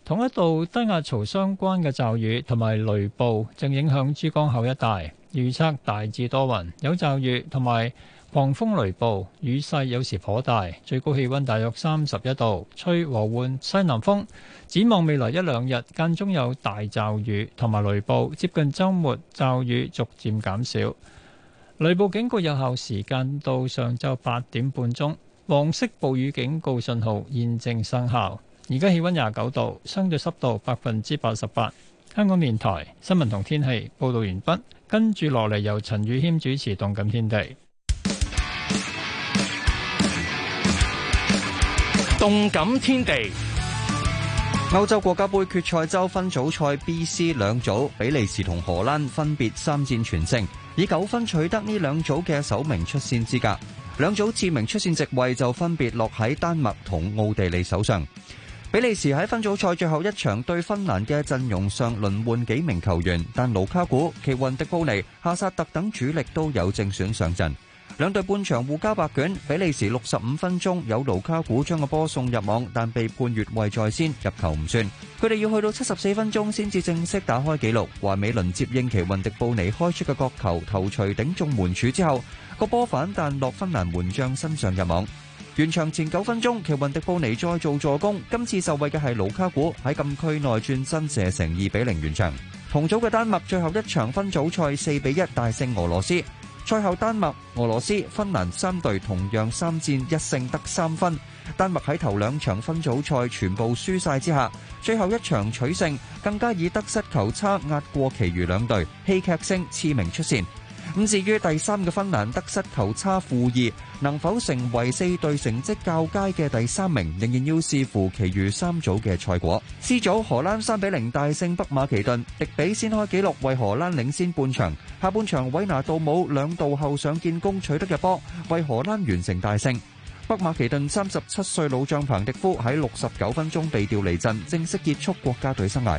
同一道低壓槽相關嘅驟雨同埋雷暴正影響珠江口一帶，預測大致多雲，有驟雨同埋狂風雷暴，雨勢有時頗大，最高氣温大約三十一度，吹和緩西南風。展望未來一兩日間中有大驟雨同埋雷暴，接近周末驟雨逐漸減少。雷暴警告有效時間到上晝八點半鐘，黃色暴雨警告信號現正生效。而家氣温廿九度，相對濕度百分之八十八。香港電台新聞同天氣報道完畢，跟住落嚟由陳宇謙主持《動感天地》。《動感天地》，歐洲國家盃決賽周分組賽 B、C 兩組，比利時同荷蘭分別三戰全勝。以九分取得呢兩組嘅首名出線資格，兩組次名出線席位就分別落喺丹麥同奧地利手上。比利時喺分組賽最後一場對芬蘭嘅陣容上輪換幾名球員，但盧卡古、奇雲迪布尼、哈薩特等主力都有正選上陣。兩隊半場互交白卷，比利時65分鐘有盧卡古將個波送入網，但被判越位在先，入球唔算。佢哋要去到74分鐘先至正式打開紀錄。華美倫接應奇雲迪布尼開出嘅角球，頭錘頂中門柱之後，個波反彈落芬蘭門將身上入網。完場前9分鐘，奇雲迪布尼再做助攻，今次受惠嘅係盧卡古喺禁區內轉身射成2比0完場。同組嘅丹麥最後一場分組賽4比1大勝俄羅斯。賽後，丹麥、俄羅斯、芬蘭三隊同樣三戰一勝得三分。丹麥喺頭兩場分組賽全部輸晒之下，最後一場取勝，更加以得失球差壓過其餘兩隊，戲劇性次名出線。咁至於第三個芬蘭得失球差負二，能否成為四隊成績較佳嘅第三名，仍然要視乎其餘三組嘅賽果。C 組荷蘭三比零大勝北馬其頓，迪比先開紀錄，為荷蘭領先半場。下半場韋拿杜姆兩度後上建功，取得入波，為荷蘭完成大勝。北馬其頓三十七歲老將彭迪夫喺六十九分鐘被調離陣，正式結束國家隊生涯。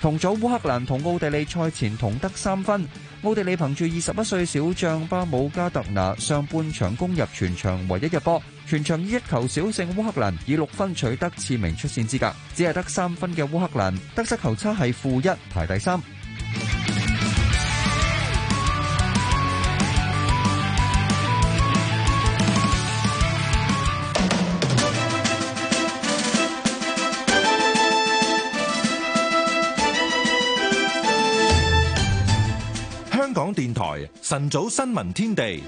同組烏克蘭同奧地利賽前同得三分，奧地利憑住二十一歲小將巴姆加特拿上半場攻入全場唯一入波，全場以一球小勝烏克蘭，以六分取得次名出線資格。只係得三分嘅烏克蘭，得失球差係負一，排第三。台晨早神新聞天地，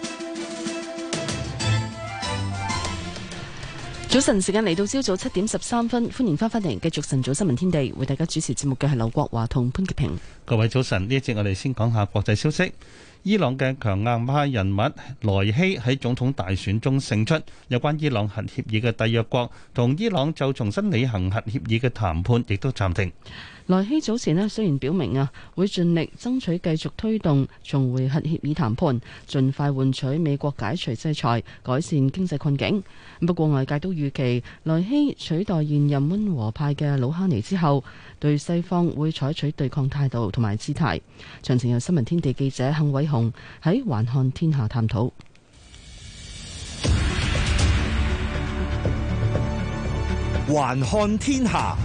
早晨時間嚟到，朝早七點十三分，歡迎翻返嚟，繼續晨早新聞天地，為大家主持節目嘅係劉國華同潘潔平。各位早晨，呢一節我哋先講下國際消息。伊朗嘅強硬派人物萊希喺總統大選中勝出，有關伊朗核協議嘅締約國同伊朗就重新履行核協議嘅談判亦都暫停。萊希早前呢雖然表明啊會盡力爭取繼續推動重回核協議談判，盡快換取美國解除制裁，改善經濟困境。不過外界都預期萊希取代現任温和派嘅魯哈尼之後，對西方會採取對抗態度同埋姿態。詳情由新聞天地記者幸偉雄喺《環看天下》探討。環看天下。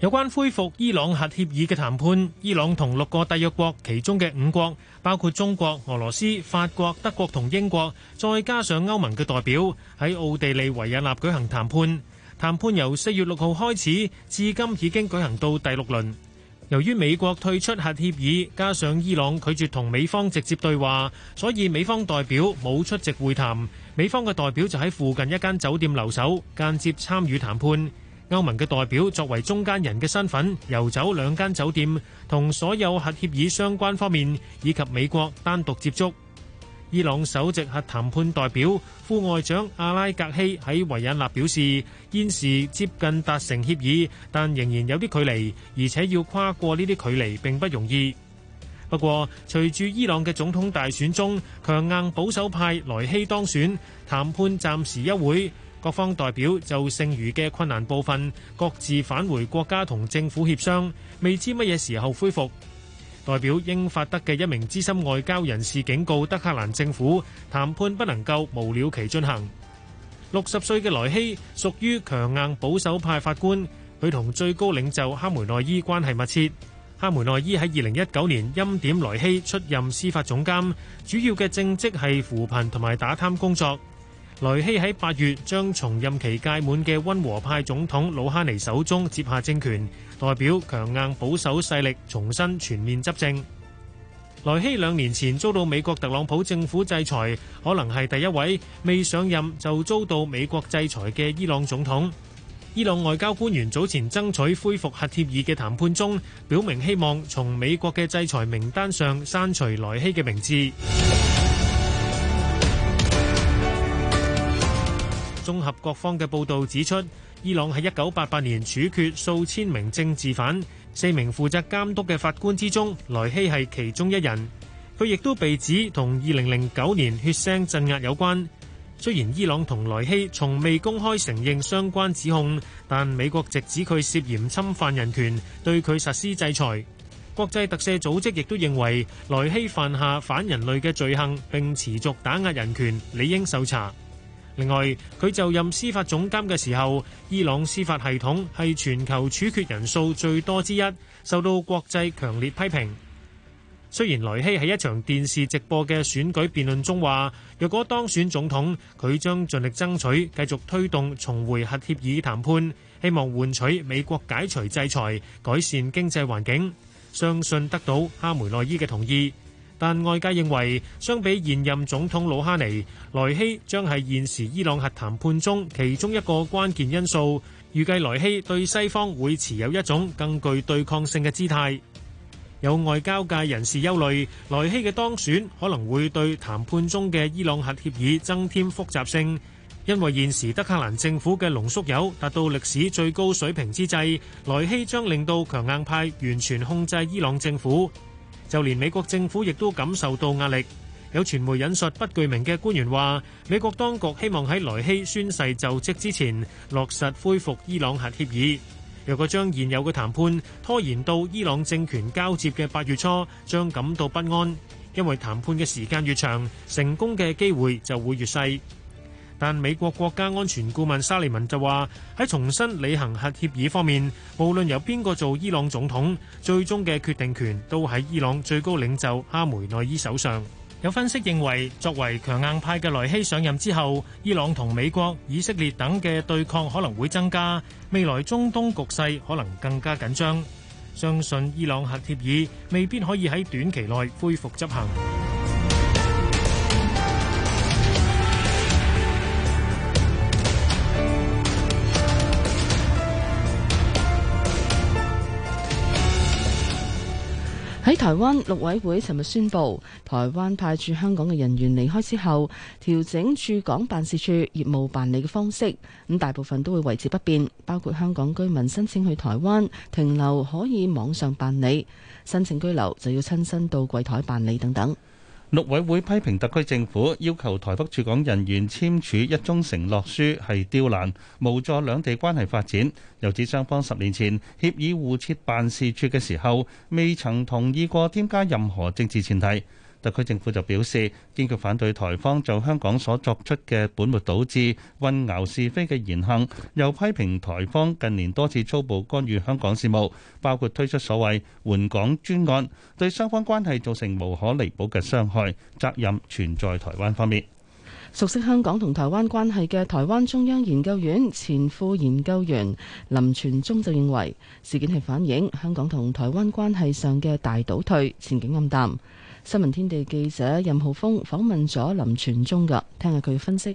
有關恢復伊朗核協議嘅談判，伊朗同六個締約國,國，其中嘅五國包括中國、俄羅斯、法國、德國同英國，再加上歐盟嘅代表，喺奧地利維也納舉行談判。談判由四月六號開始，至今已經舉行到第六輪。由於美國退出核協議，加上伊朗拒絕同美方直接對話，所以美方代表冇出席會談。美方嘅代表就喺附近一間酒店留守，間接參與談判。歐盟嘅代表作為中間人嘅身份遊走兩間酒店，同所有核協議相關方面以及美國單獨接觸。伊朗首席核談判代表副外長阿拉格希喺維也納表示，現時接近達成協議，但仍然有啲距離，而且要跨過呢啲距離並不容易。不過，隨住伊朗嘅總統大選中強硬保守派萊希當選，談判暫時休會。各方代表就剩餘嘅困難部分，各自返回國家同政府協商，未知乜嘢時候恢復。代表英法德嘅一名資深外交人士警告德克蘭政府，談判不能夠無了期進行。六十歲嘅萊希屬於強硬保守派法官，佢同最高領袖哈梅內伊關係密切。哈梅內伊喺二零一九年欽點萊希出任司法總監，主要嘅政績係扶貧同埋打貪工作。萊希喺八月將從任期屆滿嘅温和派總統魯哈尼手中接下政權，代表強硬保守勢力重新全面執政。萊希兩年前遭到美國特朗普政府制裁，可能係第一位未上任就遭到美國制裁嘅伊朗總統。伊朗外交官員早前爭取恢復核協議嘅談判中，表明希望從美國嘅制裁名單上刪除萊希嘅名字。綜合各方嘅報道指出，伊朗喺一九八八年處決數千名政治犯，四名負責監督嘅法官之中，萊希係其中一人。佢亦都被指同二零零九年血腥鎮壓有關。雖然伊朗同萊希從未公開承認相關指控，但美國直指佢涉嫌侵犯人權，對佢實施制裁。國際特赦組織亦都認為萊希犯下反人類嘅罪行，並持續打壓人權，理應受查。另外，佢就任司法總監嘅時候，伊朗司法系統係全球處決人數最多之一，受到國際強烈批評。雖然萊希喺一場電視直播嘅選舉辯論中話，若果當選總統，佢將盡力爭取繼續推動重回核協議談判，希望換取美國解除制裁、改善經濟環境。相信得到哈梅內伊嘅同意。但外界認為，相比現任總統魯哈尼，萊希將係現時伊朗核談判中其中一個關鍵因素。預計萊希對西方會持有一種更具對抗性嘅姿態。有外交界人士憂慮，萊希嘅當選可能會對談判中嘅伊朗核協議增添複雜性，因為現時德黑蘭政府嘅濃縮鈾達到歷史最高水平之際，萊希將令到強硬派完全控制伊朗政府。就連美國政府亦都感受到壓力，有傳媒引述不具名嘅官員話：美國當局希望喺萊希宣誓就職之前，落實恢復伊朗核協議。若果將現有嘅談判拖延到伊朗政權交接嘅八月初，將感到不安，因為談判嘅時間越長，成功嘅機會就會越細。但美國國家安全顧問沙利文就話：喺重新履行核協議方面，無論由邊個做伊朗總統，最終嘅決定權都喺伊朗最高領袖哈梅內伊手上。有分析認為，作為強硬派嘅萊希上任之後，伊朗同美國、以色列等嘅對抗可能會增加，未來中東局勢可能更加緊張。相信伊朗核協議未必可以喺短期內恢復執行。喺台灣陸委會尋日宣布，台灣派駐香港嘅人員離開之後，調整駐港辦事處業務辦理嘅方式。咁大部分都會維持不變，包括香港居民申請去台灣停留可以網上辦理，申請居留就要親身到櫃台辦理等等。陸委會批評特區政府要求台北駐港人員簽署一宗承諾書係刁難，無助兩地關係發展。又指雙方十年前協議互設辦事處嘅時候，未曾同意過添加任何政治前提。特區政府就表示，堅決反對台方就香港所作出嘅本末倒置、混淆是非嘅言行，又批評台方近年多次粗暴干預香港事務，包括推出所謂援港專案，對雙方關係造成無可彌補嘅傷害，責任全在台灣方面。熟悉香港同台灣關係嘅台灣中央研究院前副研究員林泉忠就認為，事件係反映香港同台灣關係上嘅大倒退，前景暗淡。新聞天地記者任浩峰訪問咗林泉忠噶，聽下佢分析。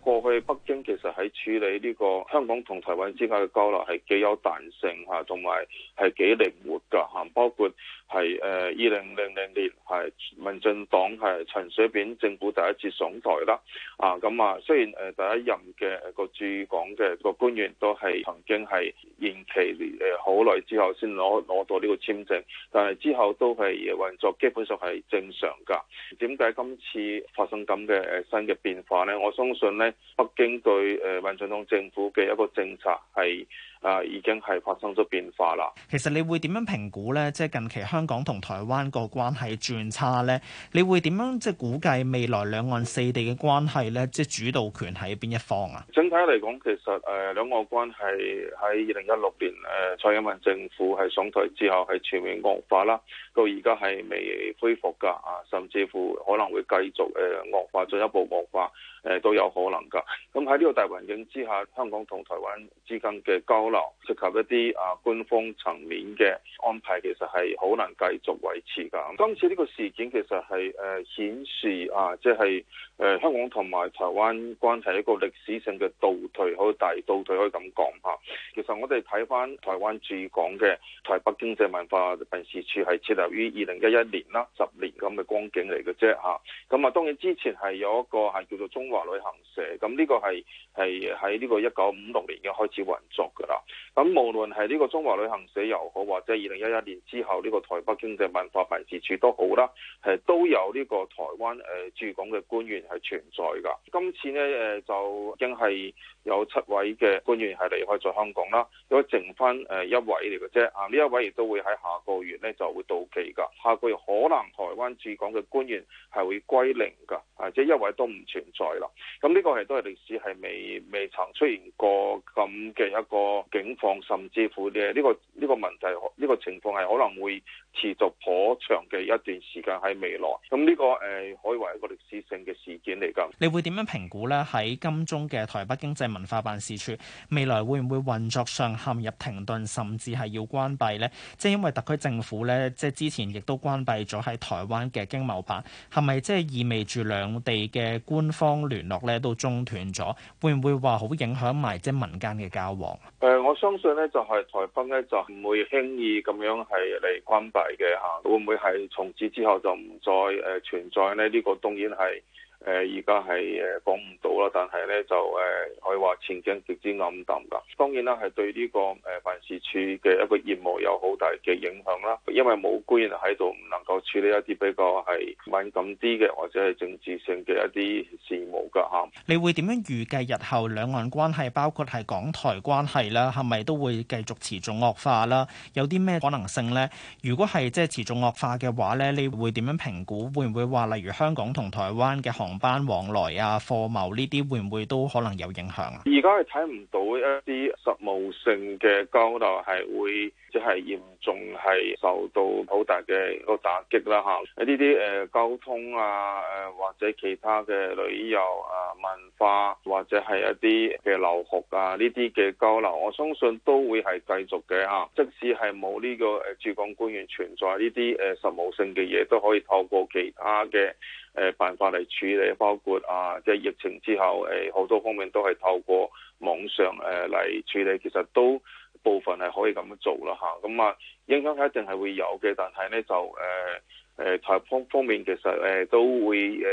過去北京其實喺處理呢、這個香港同台灣之間嘅交流係幾有彈性吓，同埋係幾靈活噶吓，包括。係誒二零零零年係民進黨係陳水扁政府第一次上台啦，啊，啊咁啊雖然誒第一任嘅個駐港嘅個官員都係曾經係延期誒好耐之後先攞攞到呢個簽證，但係之後都係嘅運作基本上係正常㗎。點解今次發生咁嘅誒新嘅變化呢？我相信呢北京對誒民進黨政府嘅一個政策係。啊，已經係發生咗變化啦。其實你會點樣評估呢？即係近期香港同台灣個關係轉差呢？你會點樣即係估計未來兩岸四地嘅關係呢，即係主導權喺邊一方啊？整體嚟講，其實誒、呃、兩岸關係喺二零一六年誒、呃、蔡英文政府係上台之後係全面惡化啦，到而家係未恢復㗎啊，甚至乎可能會繼續誒、呃、惡化，進一步惡化。誒都有可能㗎，咁喺呢個大環境之下，香港同台灣之間嘅交流，涉及一啲啊官方層面嘅安排，其實係好難繼續維持㗎。今次呢個事件其實係誒顯示啊，即係誒香港同埋台灣關係一個歷史性嘅倒退，可以大倒退可以咁講吓。其實我哋睇返台灣駐港嘅台北經濟文化辦事處係設立於二零一一年啦，十年咁嘅光景嚟嘅啫吓。咁啊當然之前係有一個係叫做中中華旅行社，咁呢個係係喺呢個一九五六年已經開始運作噶啦。咁無論係呢個中華旅行社又好，或者二零一一年之後呢個台北經濟文化辦事處都好啦，係都有呢個台灣誒駐港嘅官員係存在噶。今次呢誒就應係。有七位嘅官員係離開咗香港啦，因為剩翻誒一位嚟嘅啫啊，呢一位亦都會喺下個月咧就會到期㗎，下個月可能台灣駐港嘅官員係會歸零㗎，啊，即係一位都唔存在啦。咁呢個係都係歷史係未未曾出現過咁嘅一個境況，甚至乎咧、呢個、呢個呢、呢個問題呢、呢個情況係可能會，持續頗長嘅一段時間喺未來，咁呢個誒可以話,一個歷史性嘅事件嚟噶。你會點樣評估呢？喺金鐘嘅台北經濟文化辦事處未來會唔會運作上陷入停頓，甚至係要關閉呢？即係因為特區政府呢，即係之前亦都關閉咗喺台灣嘅經貿辦，係咪即係意味住兩地嘅官方聯絡呢都中斷咗？會唔會話好影響埋即民間嘅交往？誒、呃，我相信呢，就係、是、台北呢，就唔會輕易咁樣係嚟關閉。係嘅吓會唔會係從此之後就唔再誒存在咧？呢、呢個當然係。誒而家係誒講唔到啦，但係咧就誒可以話前景極之暗淡㗎。當然啦，係對呢個誒辦事處嘅一個業務有好大嘅影響啦，因為冇官員喺度，唔能夠處理一啲比較係敏感啲嘅，或者係政治性嘅一啲事務㗎嚇。你會點樣預計日後兩岸關係，包括係港台關係啦，係咪都會繼續持續惡化啦？有啲咩可能性呢？如果係即係持續惡化嘅話咧，你會點樣評估？會唔會話例如香港同台灣嘅航？航班往來啊，貨貿呢啲會唔會都可能有影響啊？而家係睇唔到一啲實務性嘅交流，係會。即係嚴重係受到好大嘅個打擊啦、啊、嚇！喺呢啲誒交通啊，誒或者其他嘅旅遊啊、文化、或者係一啲嘅留學啊，呢啲嘅交流，我相信都會係繼續嘅嚇、啊。即使係冇呢個誒駐港官員存在，呢啲誒實務性嘅嘢都可以透過其他嘅誒辦法嚟處理，包括啊即係、就是、疫情之後誒好多方面都係透過網上誒嚟處理，其實都。部分係可以咁做啦嚇，咁、嗯、啊影響一定係會有嘅，但係呢，就誒誒、呃呃、台方方面其實誒、呃、都會誒、呃、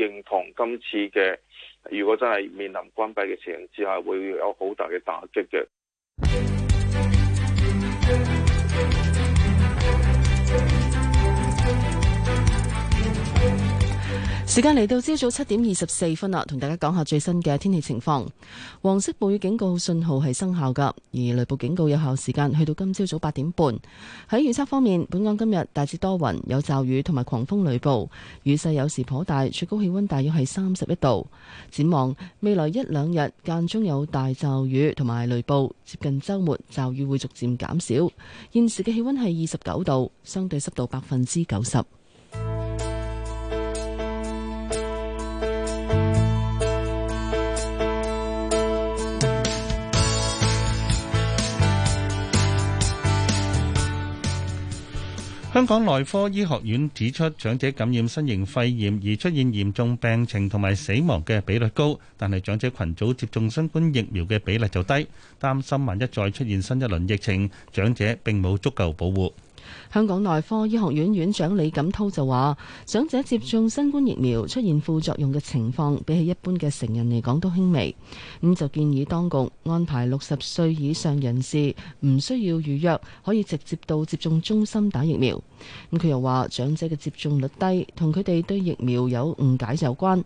認同今次嘅，如果真係面臨關閉嘅情形之下，會有好大嘅打擊嘅。時間嚟到朝早七點二十四分啦，同大家講下最新嘅天氣情況。黃色暴雨警告信號係生效㗎，而雷暴警告有效時間去到今朝早八點半。喺預測方面，本港今日大致多雲，有驟雨同埋狂風雷暴，雨勢有時頗大，最高氣溫大約係三十一度。展望未來一兩日間中有大驟雨同埋雷暴，接近周末，驟雨會逐漸減少。現時嘅氣溫係二十九度，相對濕度百分之九十。香港內科醫學院指出，長者感染新型肺炎而出現嚴重病情同埋死亡嘅比率高，但係長者群組接種新冠疫苗嘅比例就低，擔心萬一再出現新一輪疫情，長者並冇足夠保護。香港內科醫學院院長李錦濤就話，長者接種新冠疫苗出現副作用嘅情況，比起一般嘅成人嚟講都輕微。咁、嗯、就建議當局安排六十歲以上人士唔需要預約，可以直接到接種中心打疫苗。咁、嗯、佢又話，長者嘅接種率低，同佢哋對疫苗有誤解有關。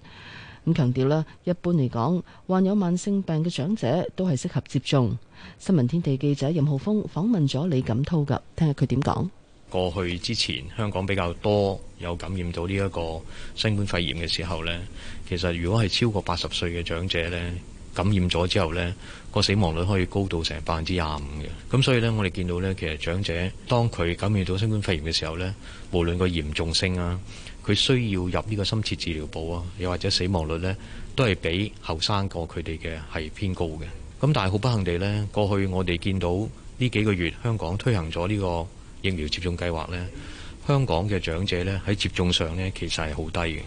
咁強調啦，一般嚟講，患有慢性病嘅長者都係適合接種。新聞天地記者任浩峰訪問咗李錦濤噶，聽下佢點講。過去之前，香港比較多有感染到呢一個新冠肺炎嘅時候呢，其實如果係超過八十歲嘅長者呢，感染咗之後呢，個死亡率可以高到成百分之廿五嘅。咁所以呢，我哋見到呢，其實長者當佢感染到新冠肺炎嘅時候呢，無論個嚴重性啊，佢需要入呢個深切治療部啊，又或者死亡率呢，都係比後生過佢哋嘅係偏高嘅。咁但係好不幸地呢，過去我哋見到呢幾個月香港推行咗呢個疫苗接種計劃呢，香港嘅長者呢，喺接種上呢，其實係好低嘅，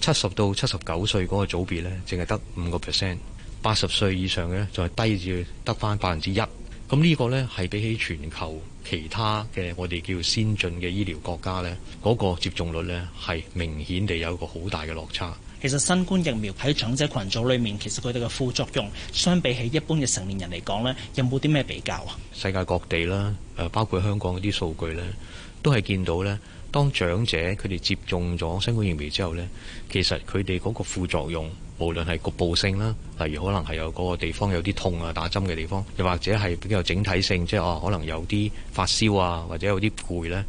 七十到七十九歲嗰個組別呢，淨係得五個 percent，八十歲以上嘅就係低至得翻百分之一。咁呢個呢，係比起全球其他嘅我哋叫先進嘅醫療國家呢，嗰個接種率呢，係明顯地有一個好大嘅落差。其實新冠疫苗喺長者群組裏面，其實佢哋嘅副作用，相比起一般嘅成年人嚟講呢，有冇啲咩比較啊？世界各地啦，誒包括香港嗰啲數據呢，都係見到呢。當長者佢哋接種咗新冠疫苗之後呢，其實佢哋嗰個副作用，無論係局部性啦，例如可能係有嗰個地方有啲痛啊，打針嘅地方，又或者係比較整體性，即係可能有啲發燒啊，或者有啲攰呢，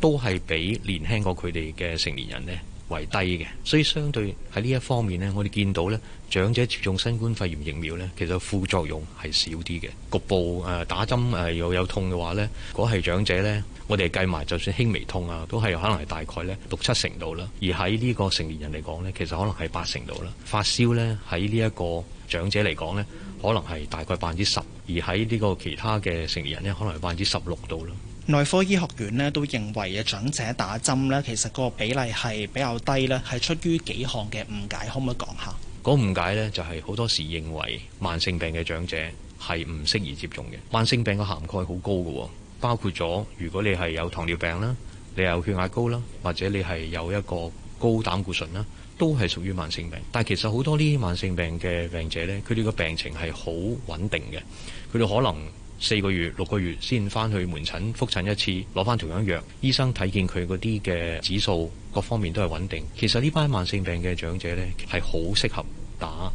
都係比年輕過佢哋嘅成年人呢。為低嘅，所以相對喺呢一方面呢，我哋見到呢長者接種新冠肺炎疫苗呢，其實副作用係少啲嘅。局部誒、呃、打針誒又有痛嘅話呢，如果係長者呢，我哋計埋就算輕微痛啊，都係可能係大概呢六七成度啦。而喺呢個成年人嚟講呢，其實可能係八成度啦。發燒呢，喺呢一個長者嚟講呢，可能係大概百分之十，而喺呢個其他嘅成年人呢，可能係百分之十六度啦。內科醫學院呢都認為嘅長者打針呢，其實個比例係比較低呢，係出於幾項嘅誤解，可唔可以講下？嗰誤解呢就係、係、好多時認為慢性病嘅長者係唔適宜接種嘅。慢性病嘅涵蓋好高嘅、哦，包括咗如果你係有糖尿病啦，你有血壓高啦，或者你係有一個高膽固醇啦，都係屬於慢性病。但係其實好多呢啲慢性病嘅病者呢，佢哋個病情係好穩定嘅，佢哋可能。四個月、六個月先翻去門診覆診一次，攞翻同樣藥。醫生睇見佢嗰啲嘅指數各方面都係穩定。其實呢班慢性病嘅長者呢，係好適合打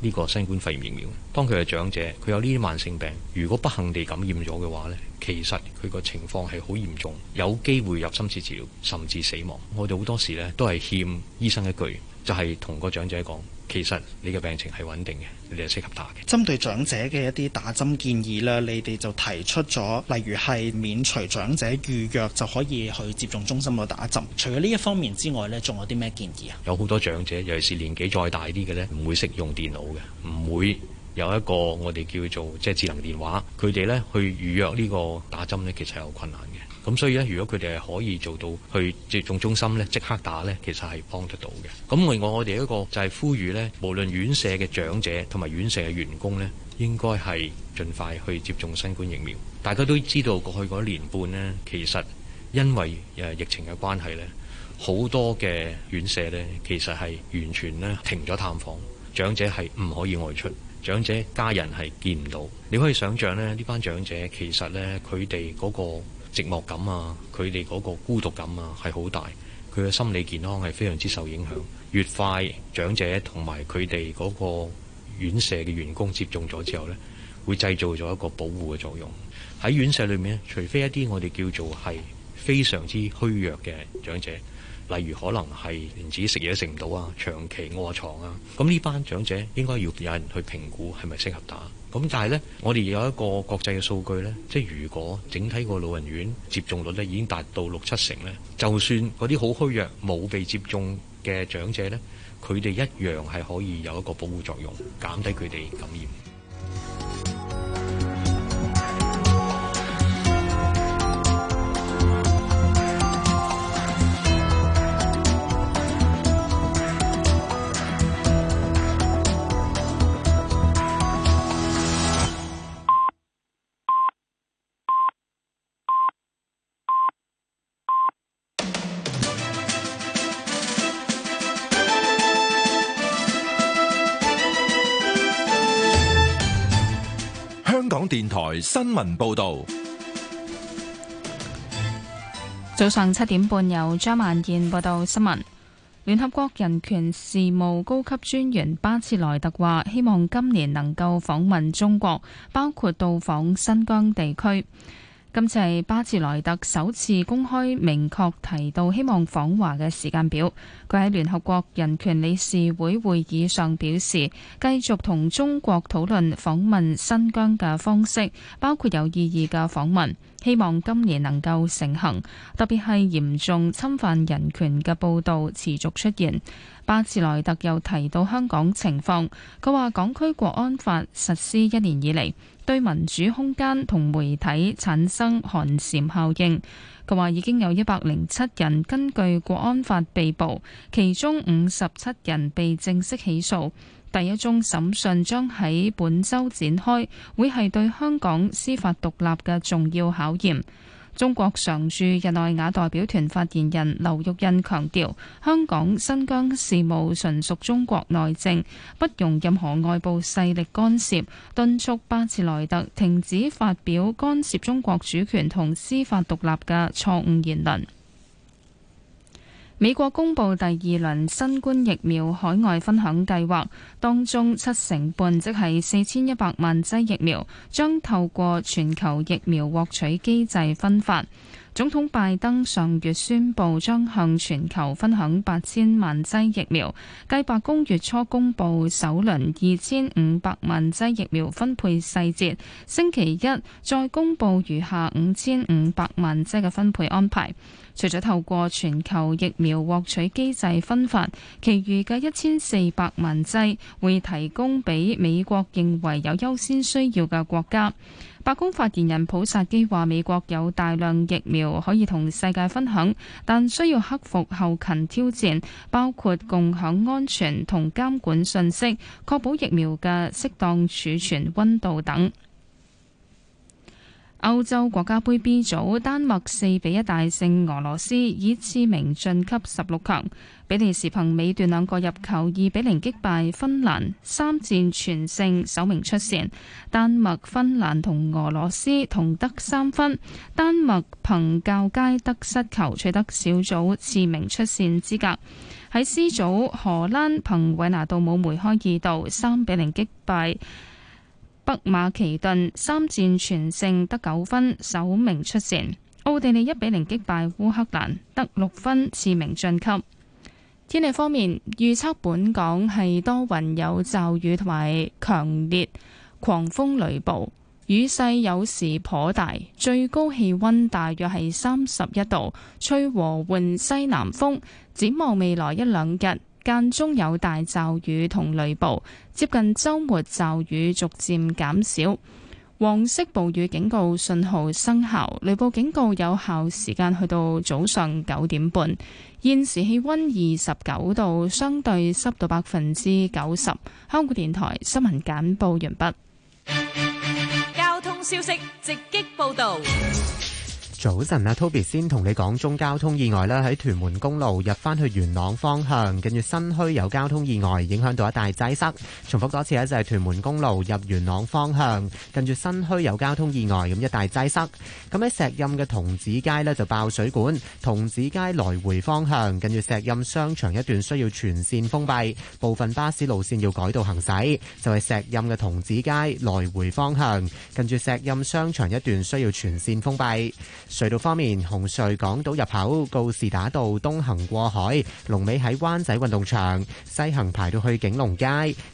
呢個新冠肺炎疫苗。當佢係長者，佢有呢啲慢性病，如果不幸地感染咗嘅話呢，其實佢個情況係好嚴重，有機會入深切治療，甚至死亡。我哋好多時呢，都係欠醫生一句。就係同個長者講，其實你嘅病情係穩定嘅，你哋係適合打嘅。針對長者嘅一啲打針建議呢，你哋就提出咗，例如係免除長者預約就可以去接種中心度打針。除咗呢一方面之外呢，仲有啲咩建議啊？有好多長者，尤其是年紀再大啲嘅呢，唔會識用電腦嘅，唔會有一個我哋叫做即係智能電話，佢哋呢去預約呢個打針呢，其實係有困難嘅。咁所以咧，如果佢哋係可以做到去接種中心呢，即刻打呢，其實，係幫得到嘅。咁另外，我哋一個就係呼籲呢，無論院舍嘅長者同埋院舍嘅員工呢，應該，係盡快去接種新冠疫苗。大家都知道過去嗰一年半呢，其實，因為疫情嘅關係呢，好多嘅院舍呢，其實，係完全呢，停咗探訪，長者，係唔可以外出，長者家人係見唔到。你可以想象呢，呢班長者其實呢，呢佢哋嗰個寂寞感啊，佢哋嗰個孤獨感啊，係好大。佢嘅心理健康係非常之受影響，越快長者同埋佢哋嗰個院舍嘅員工接種咗之後咧，會製造咗一個保護嘅作用。喺院舍裏面，除非一啲我哋叫做係非常之虛弱嘅長者。例如可能係連自己食嘢都食唔到啊，長期卧床啊，咁呢班長者應該要有人去評估係咪適合打？咁但係呢，我哋有一個國際嘅數據呢，即係如果整體個老人院接種率呢已經達到六七成呢，就算嗰啲好虛弱冇被接種嘅長者呢，佢哋一樣係可以有一個保護作用，減低佢哋感染。電台新聞報道，早上七點半由張萬燕報道新聞。聯合國人權事務高級專員巴切萊特話，希望今年能夠訪問中國，包括到訪新疆地區。今次係巴茨萊特首次公開明確提到希望訪華嘅時間表。佢喺聯合國人權理事會會議上表示，繼續同中國討論訪問新疆嘅方式，包括有意義嘅訪問，希望今年能夠成行。特別係嚴重侵犯人權嘅報道持續出現。巴茨萊特又提到香港情況，佢話港區國安法實施一年以嚟，對民主空間同媒體產生寒蟬效應。佢話已經有一百零七人根據國安法被捕，其中五十七人被正式起訴。第一宗審訊將喺本週展開，會係對香港司法獨立嘅重要考驗。中國常駐日內瓦代表團發言人劉玉印強調，香港新疆事務純屬中國內政，不容任何外部勢力干涉。敦促巴切萊特停止發表干涉中國主權同司法獨立嘅錯誤言論。美國公布第二輪新冠疫苗海外分享計劃，當中七成半即係四千一百萬劑疫苗，將透過全球疫苗獲取機制分發。總統拜登上月宣布將向全球分享八千萬劑疫苗。據白宮月初公布首輪二千五百萬劑疫苗分配細節，星期一再公布餘下五千五百萬劑嘅分配安排。除咗透過全球疫苗獲取機制分發，其餘嘅一千四百萬劑會提供俾美國認為有優先需要嘅國家。白宮發言人普薩基話：美國有大量疫苗可以同世界分享，但需要克服後勤挑戰，包括共享安全同監管信息，確保疫苗嘅適當儲存溫度等。歐洲國家盃 B 組，丹麥四比一大勝俄羅斯，以次名晉級十六強。比利時憑尾段兩個入球二比零擊敗芬蘭，三戰全勝，首名出線。丹麥、芬蘭同俄羅斯同得三分，丹麥憑較佳得失球取得小組次名出線資格。喺 C 組，荷蘭憑韋納杜姆梅，梅開二度三比零擊敗。北馬其頓三戰全勝得九分，首名出線。奧地利一比零擊敗烏克蘭，得六分，次名晉級。天氣方面，預測本港係多雲有驟雨同埋強烈狂風雷暴，雨勢有時頗大，最高氣溫大約係三十一度，吹和緩西南風。展望未來一兩日。間中有大驟雨同雷暴，接近周末驟雨逐漸減少。黃色暴雨警告信號生效，雷暴警告有效時間去到早上九點半。現時氣溫二十九度，相對濕度百分之九十。香港電台新聞簡報完畢。交通消息直擊報道。早晨啊，Toby 先同你講中交通意外啦，喺屯門公路入返去元朗方向，跟住新墟，有交通意外，影響到一帶擠塞。重複多次咧，就係屯門公路入元朗方向，跟住新墟，有交通意外，咁一帶擠塞。咁喺石蔭嘅童子街咧就爆水管，童子街來回方向，跟住石蔭商場一段需要全線封閉，部分巴士路線要改道行駛。就係石蔭嘅童子街來回方向，跟住石蔭商場一段需要全線封閉。隧道方面，紅隧港島入口告士打道東行過海，龍尾喺灣仔運動場；西行排到去景隆街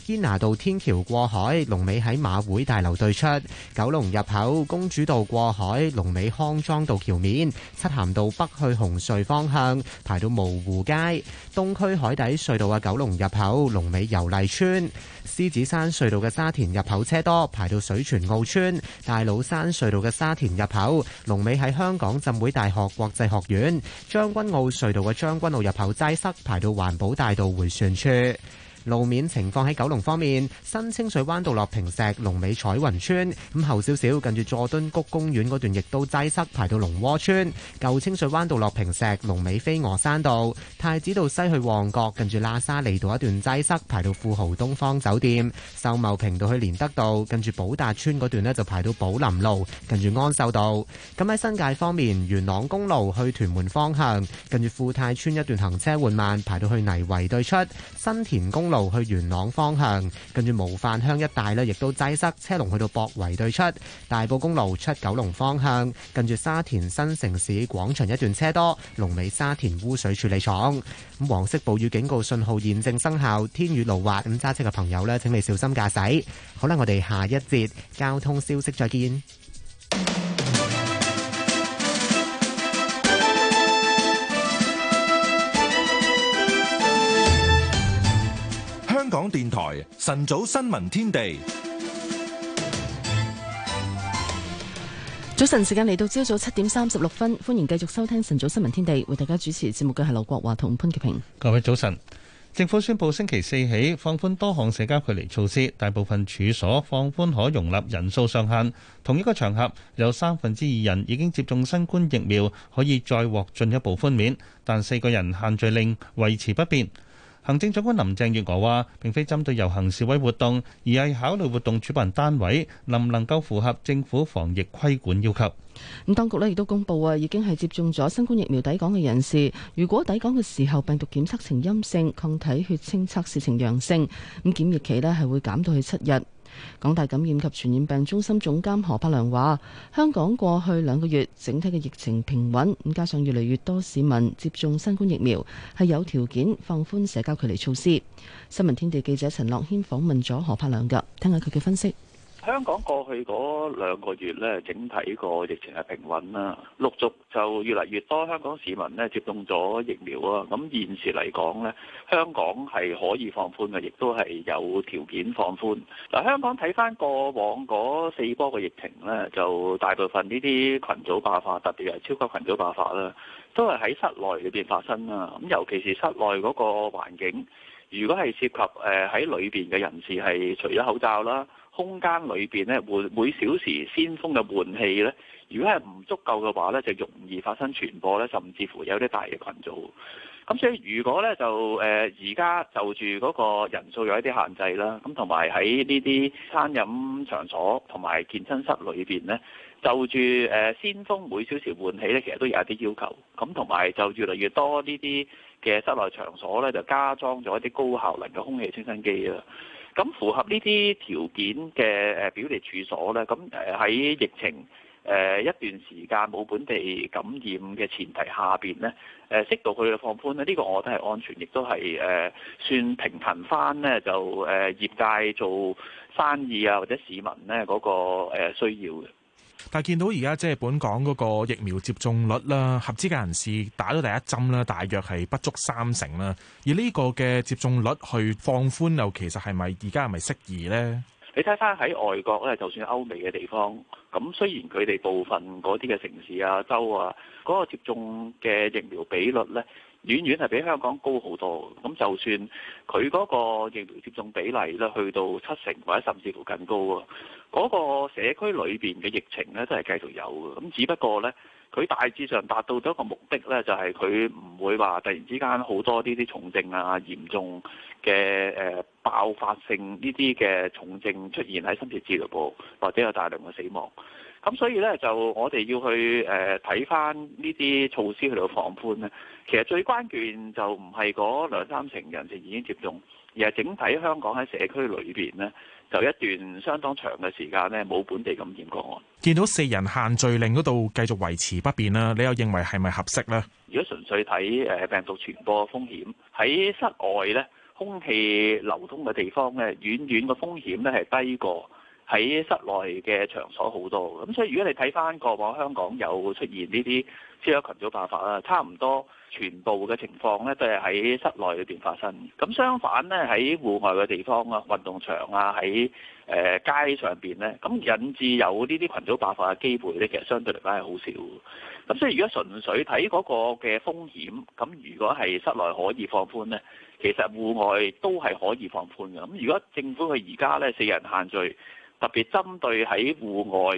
堅拿道天橋過海，龍尾喺馬會大樓對出；九龍入口公主道過海，龍尾康莊道橋面；漆咸道北去紅隧方向排到蕪湖街東區海底隧道嘅，九龍入口龍尾油麗邨。獅子山隧道嘅沙田入口車多，排到水泉澳村；大老山隧道嘅沙田入口，龍尾喺香港浸會大學國際學院；將軍澳隧道嘅將軍澳入口擠塞，排到環保大道回旋處。路面情況喺九龍方面，新清水灣道落坪石龍尾彩雲村咁後少少，近住佐敦谷公園段亦都擠塞，排到龍窩村；舊清水灣道落坪石龍尾飛鵝山道，太子道西去旺角，近住喇沙利道一段擠塞，排到富豪東方酒店；秀茂坪道去連德道，近住寶達村嗰段呢就排到寶林路，近住安秀道。咁喺新界方面，元朗公路去屯門方向，近住富泰村一段行車緩慢，排到去泥圍對出；新田公路去元朗方向，跟住模範鄉一帶呢亦都擠塞，車龍去到博圍對出；大埔公路出九龍方向，跟住沙田新城市廣場一段車多，龍尾沙田污水處理廠。咁黃色暴雨警告信號現正生效，天雨路滑，咁揸車嘅朋友呢，請你小心駕駛。好啦，我哋下一節交通消息再見。香港電台晨早新聞天地，早晨時間嚟到朝早七點三十六分，歡迎繼續收聽晨早新聞天地，為大家主持節目嘅係劉國華同潘潔平。各位早晨，政府宣布星期四起放寬多項社交距離措施，大部分處所放寬可容納人數上限。同一個場合有三分之二人已經接種新冠疫苗，可以再獲進一步寬免，但四個人限聚令維持不變。行政長官林鄭月娥話，並非針對遊行示威活動，而係考慮活動主辦單位能唔能夠符合政府防疫規管要求。咁當局呢亦都公布啊，已經係接種咗新冠疫苗抵港嘅人士，如果抵港嘅時候病毒檢測呈陰性，抗體血清測試呈陽性，咁檢疫期呢係會減到去七日。港大感染及傳染病中心總監何柏良話，香港過去兩個月整體嘅疫情平穩，加上越嚟越多市民接種新冠疫苗，係有條件放寬社交距離措施。新聞天地記者陳樂軒訪問咗何柏良噶，聽下佢嘅分析。香港過去嗰兩個月咧，整體呢個疫情係平穩啦。陸續就越嚟越多香港市民咧接種咗疫苗啊。咁、嗯、現時嚟講咧，香港係可以放寬嘅，亦都係有條件放寬。嗱、嗯，香港睇返過往嗰四波嘅疫情咧，就大部分呢啲群組爆發，特別係超級群組爆發啦，都係喺室內裏邊發生啦。咁、嗯、尤其是室內嗰個環境，如果係涉及誒喺裏邊嘅人士係除咗口罩啦。空間裏邊咧，換每小時先鋒嘅換氣咧，如果係唔足夠嘅話咧，就容易發生傳播咧，甚至乎有啲大嘅群組。咁所以如果咧就誒而家就住嗰個人數有一啲限制啦，咁同埋喺呢啲餐飲場所同埋健身室裏邊咧，就住誒、呃、先鋒每小時換氣咧，其實都有一啲要求。咁同埋就越嚟越多呢啲嘅室內場所咧，就加裝咗一啲高效能嘅空氣清新機啦。咁符合呢啲條件嘅誒表列處所咧，咁誒喺疫情誒、呃、一段時間冇本地感染嘅前提下邊咧，誒適度去放寬咧，呢、呢個我覺得係安全，亦都係誒算平衡翻咧，就誒、呃、業界做生意啊，或者市民咧、啊、嗰、嗰個需要嘅。但係見到而家即係本港嗰個疫苗接種率啦，合資格人士打咗第一針啦，大約係不足三成啦。而呢個嘅接種率去放寬又其實係咪而家係咪適宜呢？你睇翻喺外國咧，就算歐美嘅地方，咁雖然佢哋部分嗰啲嘅城市啊、州啊，嗰個接種嘅疫苗比率咧，遠遠係比香港高好多嘅，咁就算佢嗰個疫苗接種比例咧去到七成或者甚至乎更高喎，嗰個社區裏邊嘅疫情咧都係繼續有嘅，咁只不過咧，佢大致上達到咗一個目的咧，就係佢唔會話突然之間好多呢啲重症啊、嚴重嘅誒爆發性呢啲嘅重症出現喺深切治療部，或者有大量嘅死亡。咁所以咧，就我哋要去誒睇返呢啲措施去到放寬咧。其實最關鍵就唔係嗰兩三成人，成已經接種，而係整體香港喺社區裏邊咧，就一段相當長嘅時間咧冇本地感染個案。見到四人限聚令嗰度繼續維持不變啦，你又認為係咪合適咧？如果純粹睇誒病毒傳播風險喺室外咧，空氣流通嘅地方咧，遠遠個風險咧係低過。喺室內嘅場所好多。咁所以如果你睇翻過往香港有出現呢啲超級群組爆發啦，差唔多全部嘅情況咧都係喺室內裏邊發生。咁相反咧喺戶外嘅地方啊，運動場啊，喺誒、呃、街上邊咧，咁引致有呢啲群組爆發嘅機會咧，其實相對嚟講係好少。咁所以如果純粹睇嗰個嘅風險，咁如果係室內可以放寬咧，其實戶外都係可以放寬嘅。咁如果政府佢而家咧四人限聚。特別針對喺戶外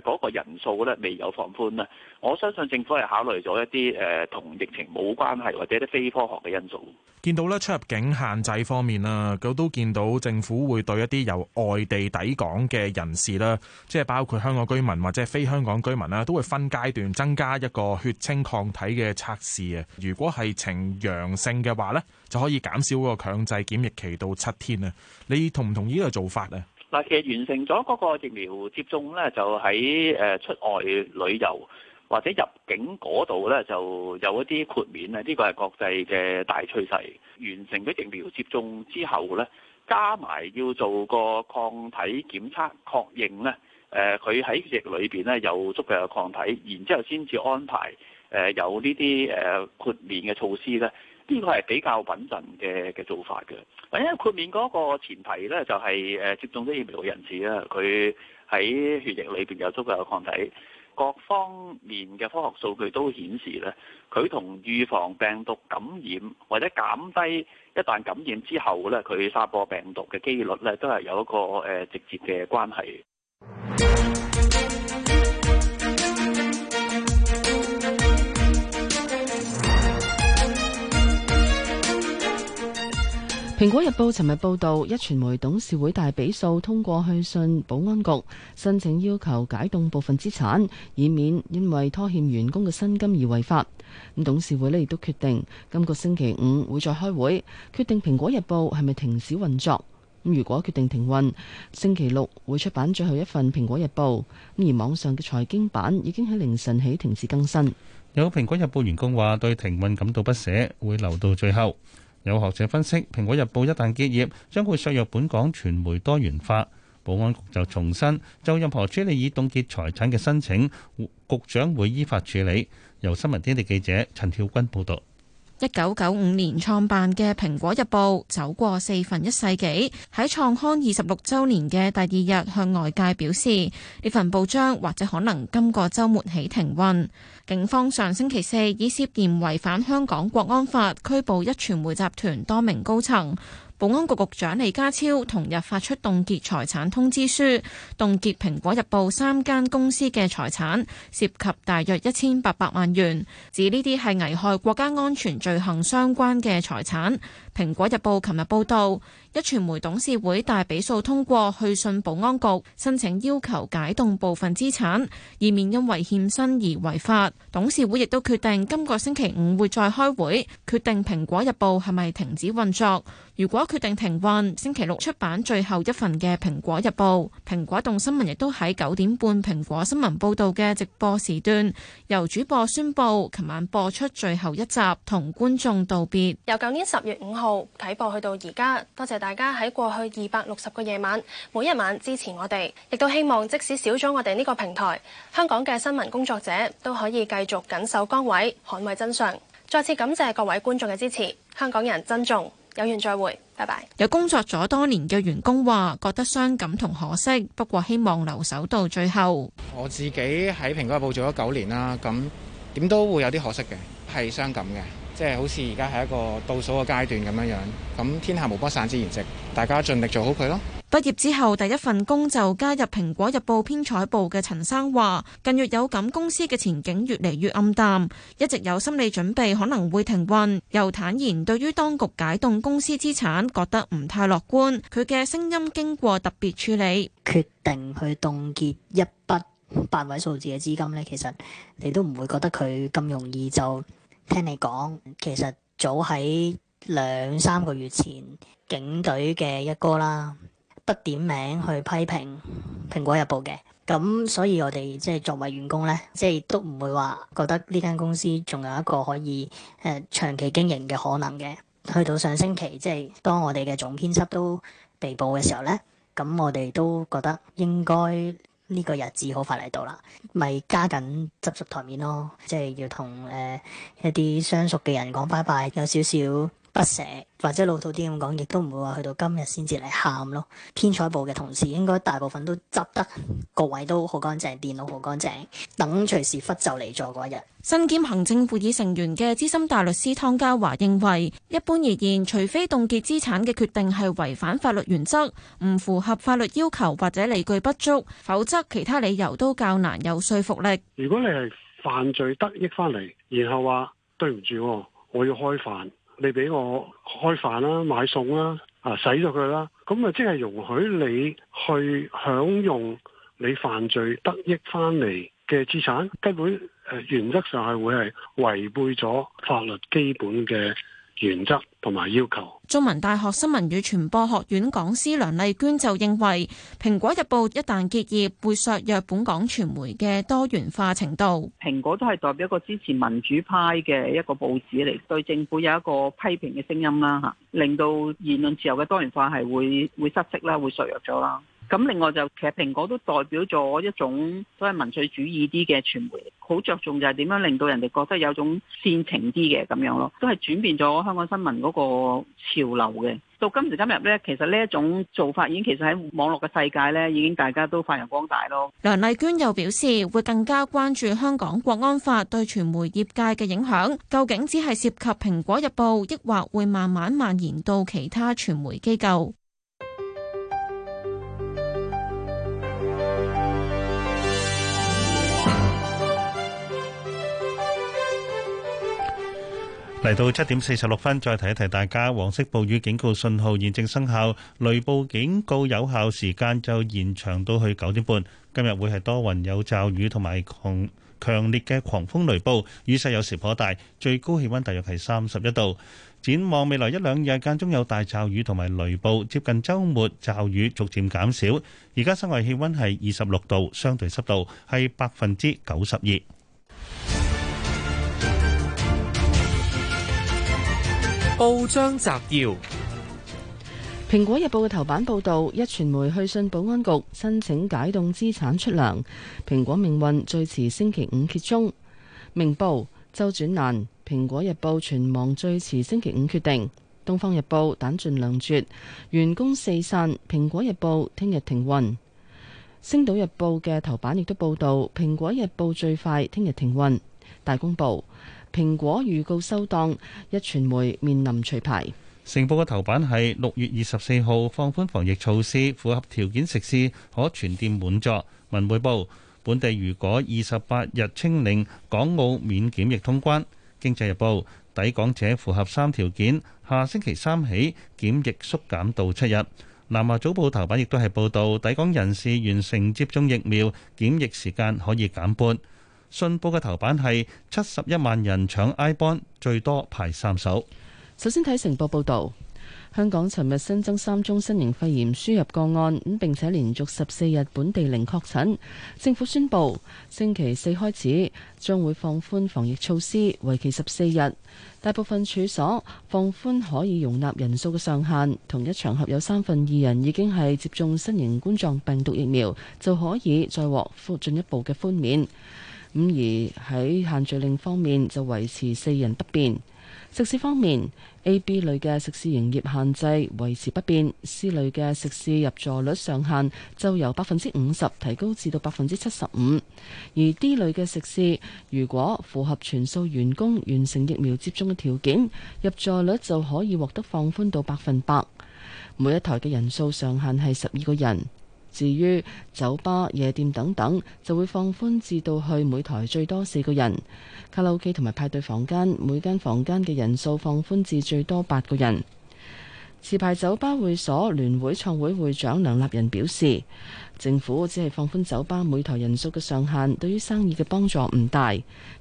誒嗰個人數咧未有放寬咧，我相信政府係考慮咗一啲誒同疫情冇關係或者啲非科學嘅因素。見到咧，出入境限制方面啦，咁都見到政府會對一啲由外地抵港嘅人士咧，即係包括香港居民或者非香港居民啦，都會分階段增加一個血清抗體嘅測試啊。如果係呈陽性嘅話咧，就可以減少個強制檢疫期到七天啊。你同唔同意呢個做法呢？嗱，其實完成咗嗰個疫苗接種咧，就喺誒出外旅遊或者入境嗰度咧，就有一啲豁免咧。呢個係國際嘅大趨勢。完成咗疫苗接種之後咧，加埋要做個抗體檢測確認咧，誒佢喺液裏邊咧有足夠嘅抗體，然之後先至安排誒有呢啲誒豁免嘅措施咧。呢個係比較穩陣嘅嘅做法嘅，因、哎、為豁免嗰個前提呢，就係、是、誒接種咗疫苗嘅人士啦，佢喺血液裏邊有足夠嘅抗體，各方面嘅科學數據都顯示呢，佢同預防病毒感染或者減低一旦感染之後呢，佢散播病毒嘅機率呢，都係有一個誒、呃、直接嘅關係。《蘋果日報》尋日報導，一傳媒董事會大比數通過去信保安局，申請要求解凍部分資產，以免因為拖欠員工嘅薪金而違法。咁董事會呢亦都決定今個星期五會再開會，決定《蘋果日報》係咪停止運作。咁如果決定停運，星期六會出版最後一份《蘋果日報》。咁而網上嘅財經版已經喺凌晨起停止更新。有《蘋果日報》員工話：對停運感到不捨，會留到最後。有學者分析，《蘋果日報》一旦結業，將會削弱本港傳媒多元化。保安局就重申，就任何處理已凍結財產嘅申請，局長會依法處理。由新聞天地記者陳曉君報道。一九九五年創辦嘅《蘋果日報》走過四分一世紀，喺創刊二十六週年嘅第二日向外界表示，呢份報章或者可能今個週末起停運。警方上星期四以涉嫌違反香港國安法，拘捕壹傳媒集團多名高層。保安局局長李家超同日發出凍結財產通知書，凍結《蘋果日報》三間公司嘅財產，涉及大約一千八百萬元，指呢啲係危害國家安全罪行相關嘅財產。《蘋果日報》琴日報道，一傳媒董事會大比數通過去信保安局，申請要求解凍部分資產，以免因為欠薪而違法。董事會亦都決定今個星期五會再開會，決定《蘋果日報》係咪停止運作。如果決定停運，星期六出版最後一份嘅《蘋果日報》。蘋果動新聞亦都喺九點半《蘋果新聞》報道嘅直播時段，由主播宣布，琴晚播出最後一集，同觀眾道別。由舊年十月五號，睇播去到而家，多謝大家喺過去二百六十個夜晚，每一晚支持我哋，亦都希望即使少咗我哋呢個平台，香港嘅新聞工作者都可以繼續緊守崗位，捍衛真相。再次感謝各位觀眾嘅支持，香港人珍重，有緣再會，拜拜。有工作咗多年嘅員工話，覺得傷感同可惜，不過希望留守到最後。我自己喺《蘋果日報》做咗九年啦，咁點都會有啲可惜嘅，係傷感嘅。即係好似而家係一個倒數嘅階段咁樣樣，咁天下無不散之筵席，大家盡力做好佢咯。畢業之後第一份工就加入《蘋果日報》編採部嘅陳生話，近月有感公司嘅前景越嚟越暗淡，一直有心理準備可能會停運。又坦言對於當局解凍公司資產，覺得唔太樂觀。佢嘅聲音經過特別處理，決定去凍結一筆八位數字嘅資金呢，其實你都唔會覺得佢咁容易就。聽你講，其實早喺兩三個月前，警隊嘅一哥啦，不點名去批評蘋果日報嘅，咁所以我哋即係作為員工咧，即係都唔會話覺得呢間公司仲有一個可以誒長期經營嘅可能嘅。去到上星期，即係當我哋嘅總編輯都被捕嘅時候咧，咁我哋都覺得應該。呢個日子好快嚟到啦，咪加緊執拾台面咯，即係要同誒、呃、一啲相熟嘅人講拜拜，有少少。不或者老土啲咁講，亦都唔會話去到今日先至嚟喊咯。編採部嘅同事應該大部分都執得，個位都好乾淨，電腦好乾淨，等隨時忽就嚟坐嗰日。身兼行政會議成員嘅資深大律師湯家驊認為，一般而言，除非凍結資產嘅決定係違反法律原則、唔符合法律要求或者理據不足，否則其他理由都較難有說服力。如果你係犯罪得益翻嚟，然後話對唔住、哦，我要開飯。你俾我開飯啦，買餸啦，啊洗咗佢啦，咁啊即係容許你去享用你犯罪得益翻嚟嘅資產，根本、呃、原則上係會係違背咗法律基本嘅。原則同埋要求。中文大學新聞與傳播學院講師梁麗娟就認為，蘋果日報一旦結業，會削弱本港傳媒嘅多元化程度。蘋果都係代表一個支持民主派嘅一個報紙嚟，對政府有一個批評嘅聲音啦，嚇，令到言論自由嘅多元化係會會失色啦，會削弱咗啦。咁另外就其實蘋果都代表咗一種都係民粹主義啲嘅傳媒，好着重就係點樣令到人哋覺得有種煽情啲嘅咁樣咯，都係轉變咗香港新聞嗰個潮流嘅。到今時今日咧，其實呢一種做法已經其實喺網絡嘅世界咧，已經大家都發揚光大咯。梁麗娟又表示會更加關注香港國安法對傳媒業界嘅影響，究竟只係涉及蘋果日報抑或會慢慢蔓延到其他傳媒機構。嚟到七點四十六分，再提一提大家，黃色暴雨警告信號現正生效，雷暴警告有效時間就延長到去九點半。今日會係多雲有驟雨同埋狂強烈嘅狂風雷暴，雨勢有時頗大，最高氣温大約係三十一度。展望未來一兩日間中有大驟雨同埋雷暴，接近周末驟雨逐漸減少。而家室外氣温係二十六度，相對濕度係百分之九十二。報章摘要：蘋果日報嘅頭版報道，一傳媒去信保安局申請解凍資產出糧，蘋果命運最遲星期五揭盅。明報周轉難，蘋果日報存亡最遲星期五決定。東方日報彈盡糧絕，員工四散，蘋果日報聽日停運。星島日報嘅頭版亦都報道，蘋果日報最快聽日停運，大公報。蘋果預告收檔，一傳媒面臨除牌。成報嘅頭版係六月二十四號放寬防疫措施，符合條件食肆可全店滿座。文匯報本地如果二十八日清零，港澳免檢疫通關。經濟日報抵港者符合三條件，下星期三起檢疫縮減到七日。南華早報頭版亦都係報道抵港人士完成接種疫苗，檢疫時間可以減半。信報嘅頭版係七十一萬人搶 iBond 最多排三手。首先睇成報報道，香港尋日新增三宗新型肺炎輸入個案，咁並且連續十四日本地零確診。政府宣布星期四開始將會放寬防疫措施，為期十四日。大部分處所放寬可以容納人數嘅上限。同一場合有三分二人已經係接種新型冠狀病毒疫苗，就可以再獲復進一步嘅寬免。咁而喺限聚令方面就維持四人不變。食肆方面，A、B 類嘅食肆營業限制維持不變，C 類嘅食肆入座率上限就由百分之五十提高至到百分之七十五。而 D 類嘅食肆，如果符合全數員工完成疫苗接種嘅條件，入座率就可以獲得放寬到百分百。每一台嘅人數上限係十二個人。至於酒吧、夜店等等，就會放寬至到去每台最多四個人。卡拉 OK 同埋派對房間，每間房間嘅人數放寬至最多八個人。持牌酒吧會所聯會創會會長梁立仁表示，政府只係放寬酒吧每台人數嘅上限，對於生意嘅幫助唔大。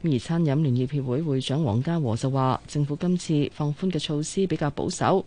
而餐飲聯業業協會會長黃家和就話，政府今次放寬嘅措施比較保守。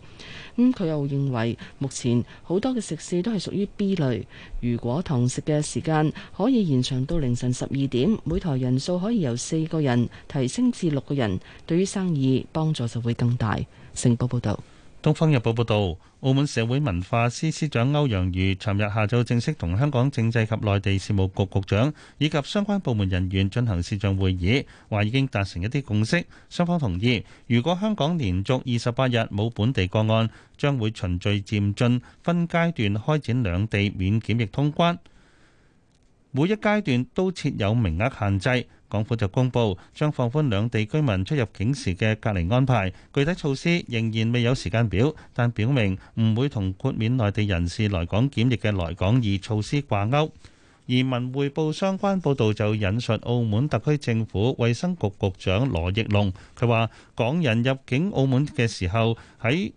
佢、嗯、又認為，目前好多嘅食肆都係屬於 B 類，如果堂食嘅時間可以延長到凌晨十二點，每台人數可以由四個人提升至六個人，對於生意幫助就會更大。成報報道。《東方日報》報導，澳門社會文化司司長歐陽瑜尋日下晝正式同香港政制及內地事務局局長以及相關部門人員進行視像會議，話已經達成一啲共識，雙方同意，如果香港連續二十八日冇本地個案，將會循序漸進，分階段開展兩地免檢疫通關，每一階段都設有名額限制。政府就公布將放寬兩地居民出入境時嘅隔離安排，具體措施仍然未有時間表，但表明唔會同豁免內地人士來港檢疫嘅來港易措施掛鈎。而文匯報相關報導就引述澳門特區政府衛生局局長羅奕龍，佢話港人入境澳門嘅時候，喺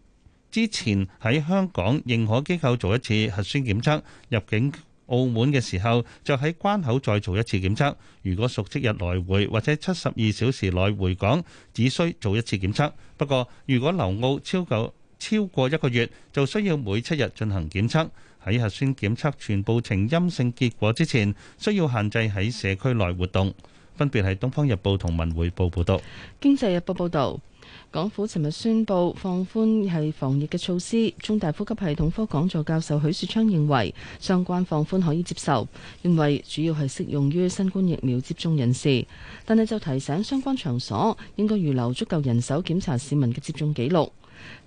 之前喺香港認可機構做一次核酸檢測，入境澳門嘅時候，就喺關口再做一次檢測。如果屬即日來回或者七十二小時內回港，只需做一次檢測。不過，如果留澳超過超過一個月，就需要每七日進行檢測。喺核酸檢測全部呈陰性結果之前，需要限制喺社區內活動。分別係《東方日報》同《文匯報》報道，《經濟日報》報道。港府尋日宣布放寬係防疫嘅措施，中大呼吸系統科講座教授許樹昌認為相關放寬可以接受，認為主要係適用於新冠疫苗接種人士，但係就提醒相關場所應該預留足夠人手檢查市民嘅接種記錄。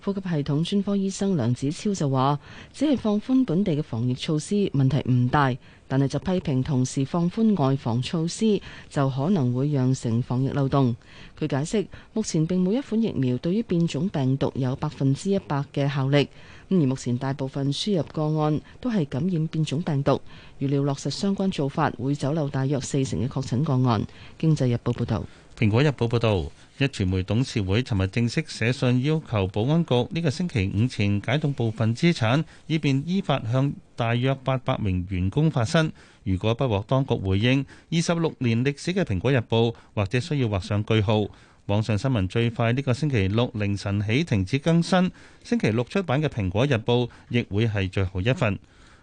呼吸系統專科醫生梁子超就話，只係放寬本地嘅防疫措施，問題唔大，但係就批評同時放寬外防措施，就可能會釀成防疫漏洞。佢解釋，目前並冇一款疫苗對於變種病毒有百分之一百嘅效力。而目前大部分輸入個案都係感染變種病毒，預料落實相關做法會走漏大約四成嘅確診個案。經濟日報報道。蘋果日報報道。壹傳媒董事會尋日正式寫信要求保安局呢個星期五前解凍部分資產，以便依法向大約八百名員工發薪。如果不獲當局回應，二十六年歷史嘅《蘋果日報》或者需要畫上句號。網上新聞最快呢個星期六凌晨起停止更新，星期六出版嘅《蘋果日報》亦會係最後一份。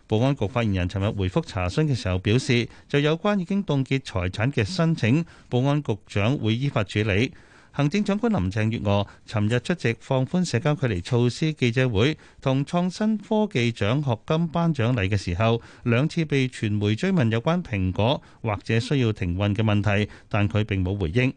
保安局發言人尋日回覆查詢嘅時候表示，就有關已經凍結財產嘅申請，保安局長會依法處理。行政長官林鄭月娥尋日出席放寬社交距離措施記者會同創新科技獎學金頒獎禮嘅時候，兩次被傳媒追問有關蘋果或者需要停運嘅問題，但佢並冇回應。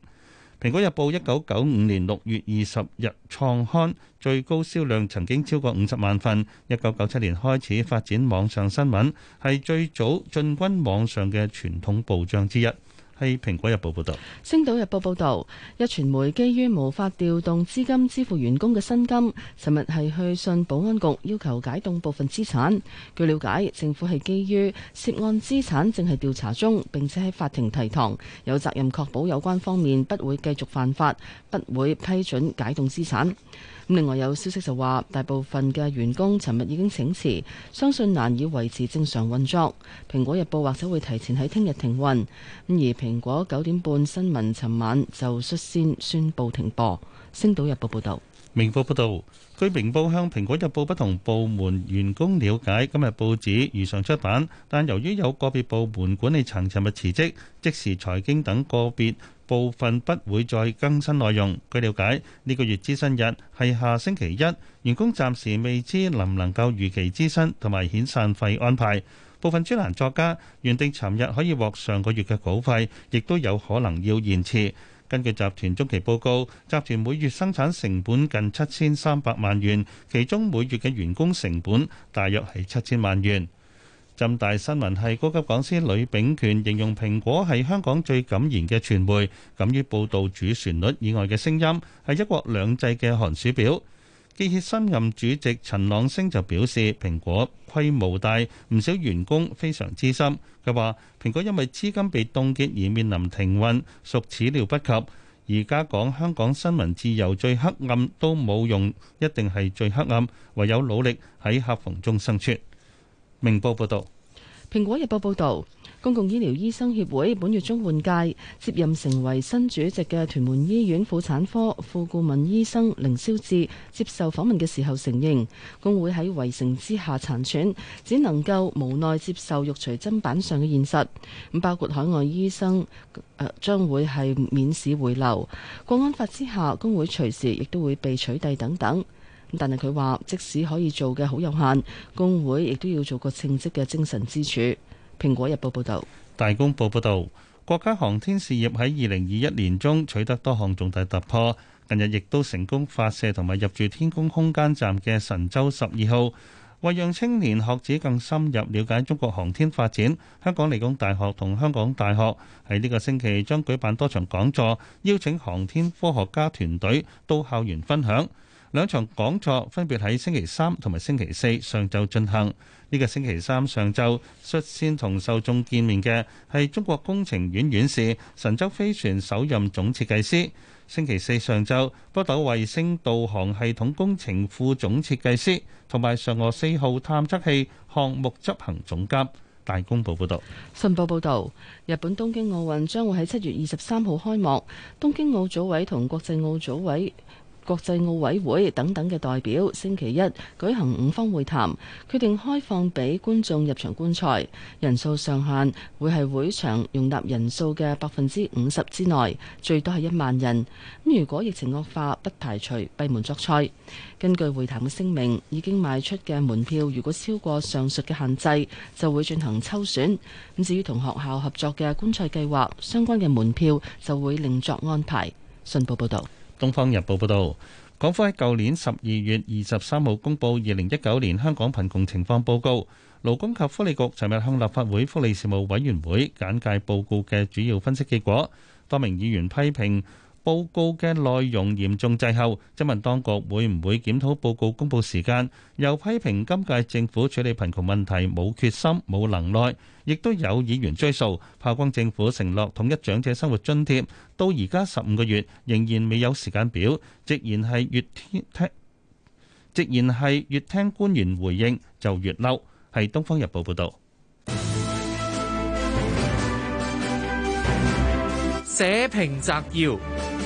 蘋果日報一九九五年六月二十日創刊，最高銷量曾經超過五十萬份。一九九七年開始發展網上新聞，係最早進軍網上嘅傳統報章之一。係《蘋果日報,報道》報導，《星島日報》報導，一傳媒基於無法調動資金支付員工嘅薪金，尋日係去信保安局要求解凍部分資產。據了解，政府係基於涉案資產正係調查中，並且喺法庭提堂，有責任確保有關方面不會繼續犯法，不會批准解凍資產。另外有消息就話，大部分嘅員工尋日已經請辭，相信難以維持正常運作。蘋果日報或者會提前喺聽日停運。咁而蘋果九點半新聞尋晚就率先宣布停播。星島日報報道：「明報報道據明報向蘋果日報不同部門員工了解，今日報紙如常出版，但由於有個別部門管理層尋日辭職，即時財經等個別。部分不會再更新內容。據瞭解，呢個月支薪日係下星期一，員工暫時未知能唔能夠如期支薪同埋遣散費安排。部分專欄作家原定尋日可以獲上個月嘅稿費，亦都有可能要延遲。根據集團中期報告，集團每月生產成本近七千三百萬元，其中每月嘅員工成本大約係七千萬元。浸大新聞系高級講師呂秉權形容蘋果係香港最敢言嘅傳媒，敢於報導主旋律以外嘅聲音，係一國兩制嘅寒暑表。記協新任主席陳朗昇就表示，蘋果規模大，唔少員工非常資深。佢話：蘋果因為資金被凍結而面臨停運，屬始料不及。而家講香港新聞自由最黑暗都冇用，一定係最黑暗，唯有努力喺夾縫中生存。明報報道，蘋果日報報道，公共醫療醫生協會本月中換屆，接任成為新主席嘅屯門醫院婦產科副顧問醫生凌霄志，接受訪問嘅時候承認，工會喺圍城之下殘喘，只能夠無奈接受肉隨砧板上嘅現實。咁包括海外醫生誒、呃，將會係免試回流，國安法之下，工會隨時亦都會被取締等等。但係佢話，即使可以做嘅好有限，工會亦都要做個稱職嘅精神支柱。《蘋果日報》報道，《大公報》報道，國家航天事業喺二零二一年中取得多項重大突破。近日亦都成功發射同埋入住天宮空間站嘅神舟十二號。為讓青年學子更深入了解中國航天發展，香港理工大學同香港大學喺呢個星期將舉辦多場講座，邀請航天科學家團隊到校園分享。兩場講座分別喺星期三同埋星期四上晝進行。呢、這個星期三上晝率先同受眾見面嘅係中國工程院院士、神舟飛船首任總設計師。星期四上晝，北斗衛星導航系統工程副總設計師同埋嫦娥四號探測器項目執行總監，大公報報導。信報報導，日本東京奧運將會喺七月二十三號開幕。東京奧組委同國際奧組委。國際奧委會等等嘅代表，星期一舉行五方會談，決定開放俾觀眾入場觀賽，人數上限會係會場容納人數嘅百分之五十之內，最多係一萬人。咁如果疫情惡化，不排除閉門作賽。根據會談嘅聲明，已經賣出嘅門票如果超過上述嘅限制，就會進行抽選。咁至於同學校合作嘅觀賽計劃，相關嘅門票就會另作安排。信報報導。《東方日報》報導，港府喺舊年十二月二十三號公佈二零一九年香港貧窮情況報告，勞工及福利局尋日向立法會福利事務委員會簡介報告嘅主要分析結果，多名議員批評，報告嘅內容嚴重滯後，質問當局會唔會檢討報告公佈時間？又批評今屆政府處理貧窮問題冇決心、冇能耐，亦都有議員追訴炮光政府承諾統一長者生活津貼到而家十五個月仍然未有時間表，直言係越聽，直言係越聽官員回應就越嬲。係《東方日報》報導。寫評摘要。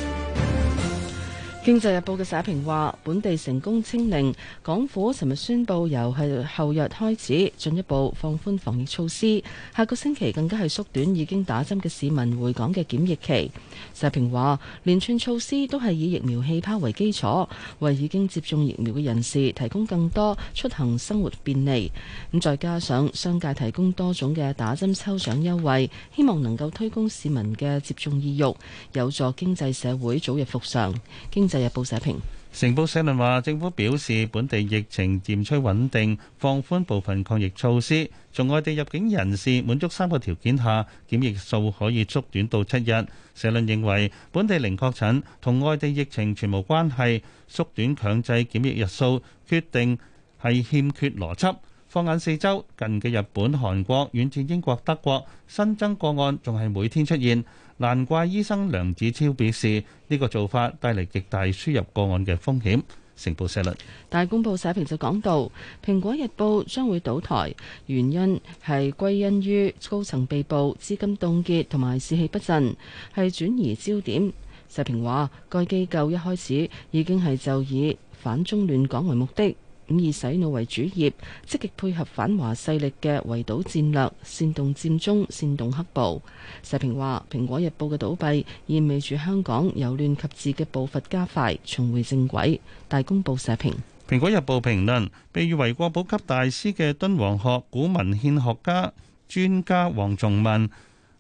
經濟日報嘅社評話，本地成功清零，港府尋日宣布由係後日開始進一步放寬防疫措施，下個星期更加係縮短已經打針嘅市民回港嘅檢疫期。社評話，連串措施都係以疫苗氣泡為基礎，為已經接種疫苗嘅人士提供更多出行生活便利。咁再加上商界提供多種嘅打針抽獎優惠，希望能夠推高市民嘅接種意欲，有助經濟社會早日復常。經濟《自由報》社評，成報社論話：政府表示本地疫情漸趨穩定，放寬部分抗疫措施。從外地入境人士滿足三個條件下，檢疫數可以縮短到七日。社論認為本地零確診同外地疫情全無關係，縮短強制檢疫日數決定係欠缺邏輯。放眼四周，近嘅日本、韓國，遠至英國、德國，新增個案仲係每天出現。難怪醫生梁子超表示，呢、這個做法帶嚟極大輸入個案嘅風險，成報社論。大公報社評就講到，《蘋果日報》將會倒台，原因係歸因於高層被捕、資金凍結同埋士氣不振，係轉移焦點。社評話，該機構一開始已經係就以反中亂港為目的。以洗腦為主業，積極配合反華勢力嘅圍堵戰略，煽動佔中、煽動黑暴。社評話，《蘋果日報》嘅倒閉意味住香港由亂及治嘅步伐加快，重回正軌。大公報社評，《蘋果日報》評論被譽為國寶級大師嘅敦煌學、古文獻學家專家黃崇文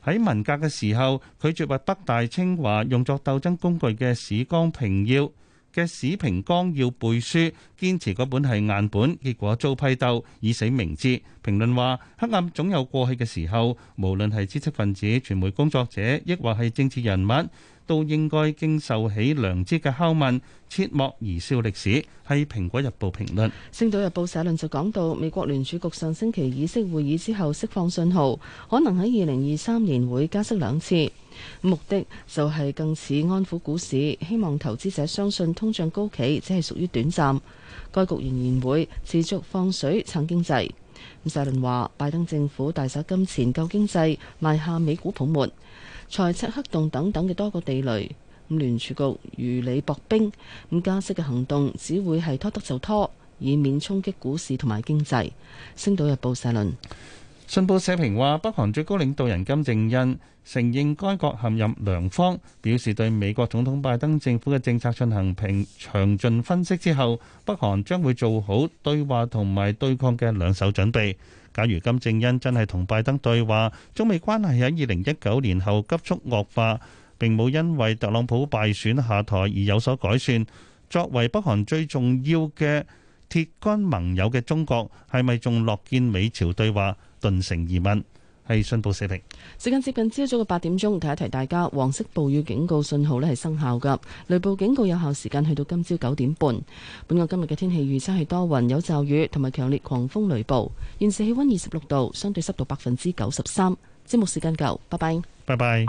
喺文革嘅時候，拒絕為北大、清華用作鬥爭工具嘅史光評要。嘅史平光要背書，堅持嗰本係硬本，結果遭批鬥，以死明志。評論話：黑暗總有過去嘅時候，無論係知識分子、傳媒工作者，抑或係政治人物。都應該經受起良知嘅拷問，切莫貽笑歷史。係《蘋果日報評論》評論，《星島日報》社論就講到，美國聯儲局上星期議息會議之後釋放信號，可能喺二零二三年會加息兩次，目的就係更似安撫股市，希望投資者相信通脹高企只係屬於短暫。該局仍然會持續放水撐經濟。社論話，拜登政府大手金錢救經濟，埋下美股泡沫。財赤黑洞等等嘅多個地雷，咁聯儲局如履薄冰，咁加息嘅行動只會係拖得就拖，以免衝擊股市同埋經濟。星島日報社論。信報社評話，北韓最高領導人金正恩承認該國陷入糧荒，表示對美國總統拜登政府嘅政策進行評詳盡分析之後，北韓將會做好對話同埋對抗嘅兩手準備。假如金正恩真係同拜登對話，中美關係喺二零一九年後急速惡化，並冇因為特朗普敗選下台而有所改善。作為北韓最重要嘅鐵桿盟友嘅中國，係咪仲樂見美朝對話，頓成疑問？係信報社評。時間接近朝早嘅八點鐘，提一提大家，黃色暴雨警告信號咧係生效噶，雷暴警告有效時間去到今朝九點半。本港今日嘅天氣預測係多雲有驟雨同埋強烈狂風雷暴。現時氣温二十六度，相對濕度百分之九十三。節目時間夠，拜拜。拜拜。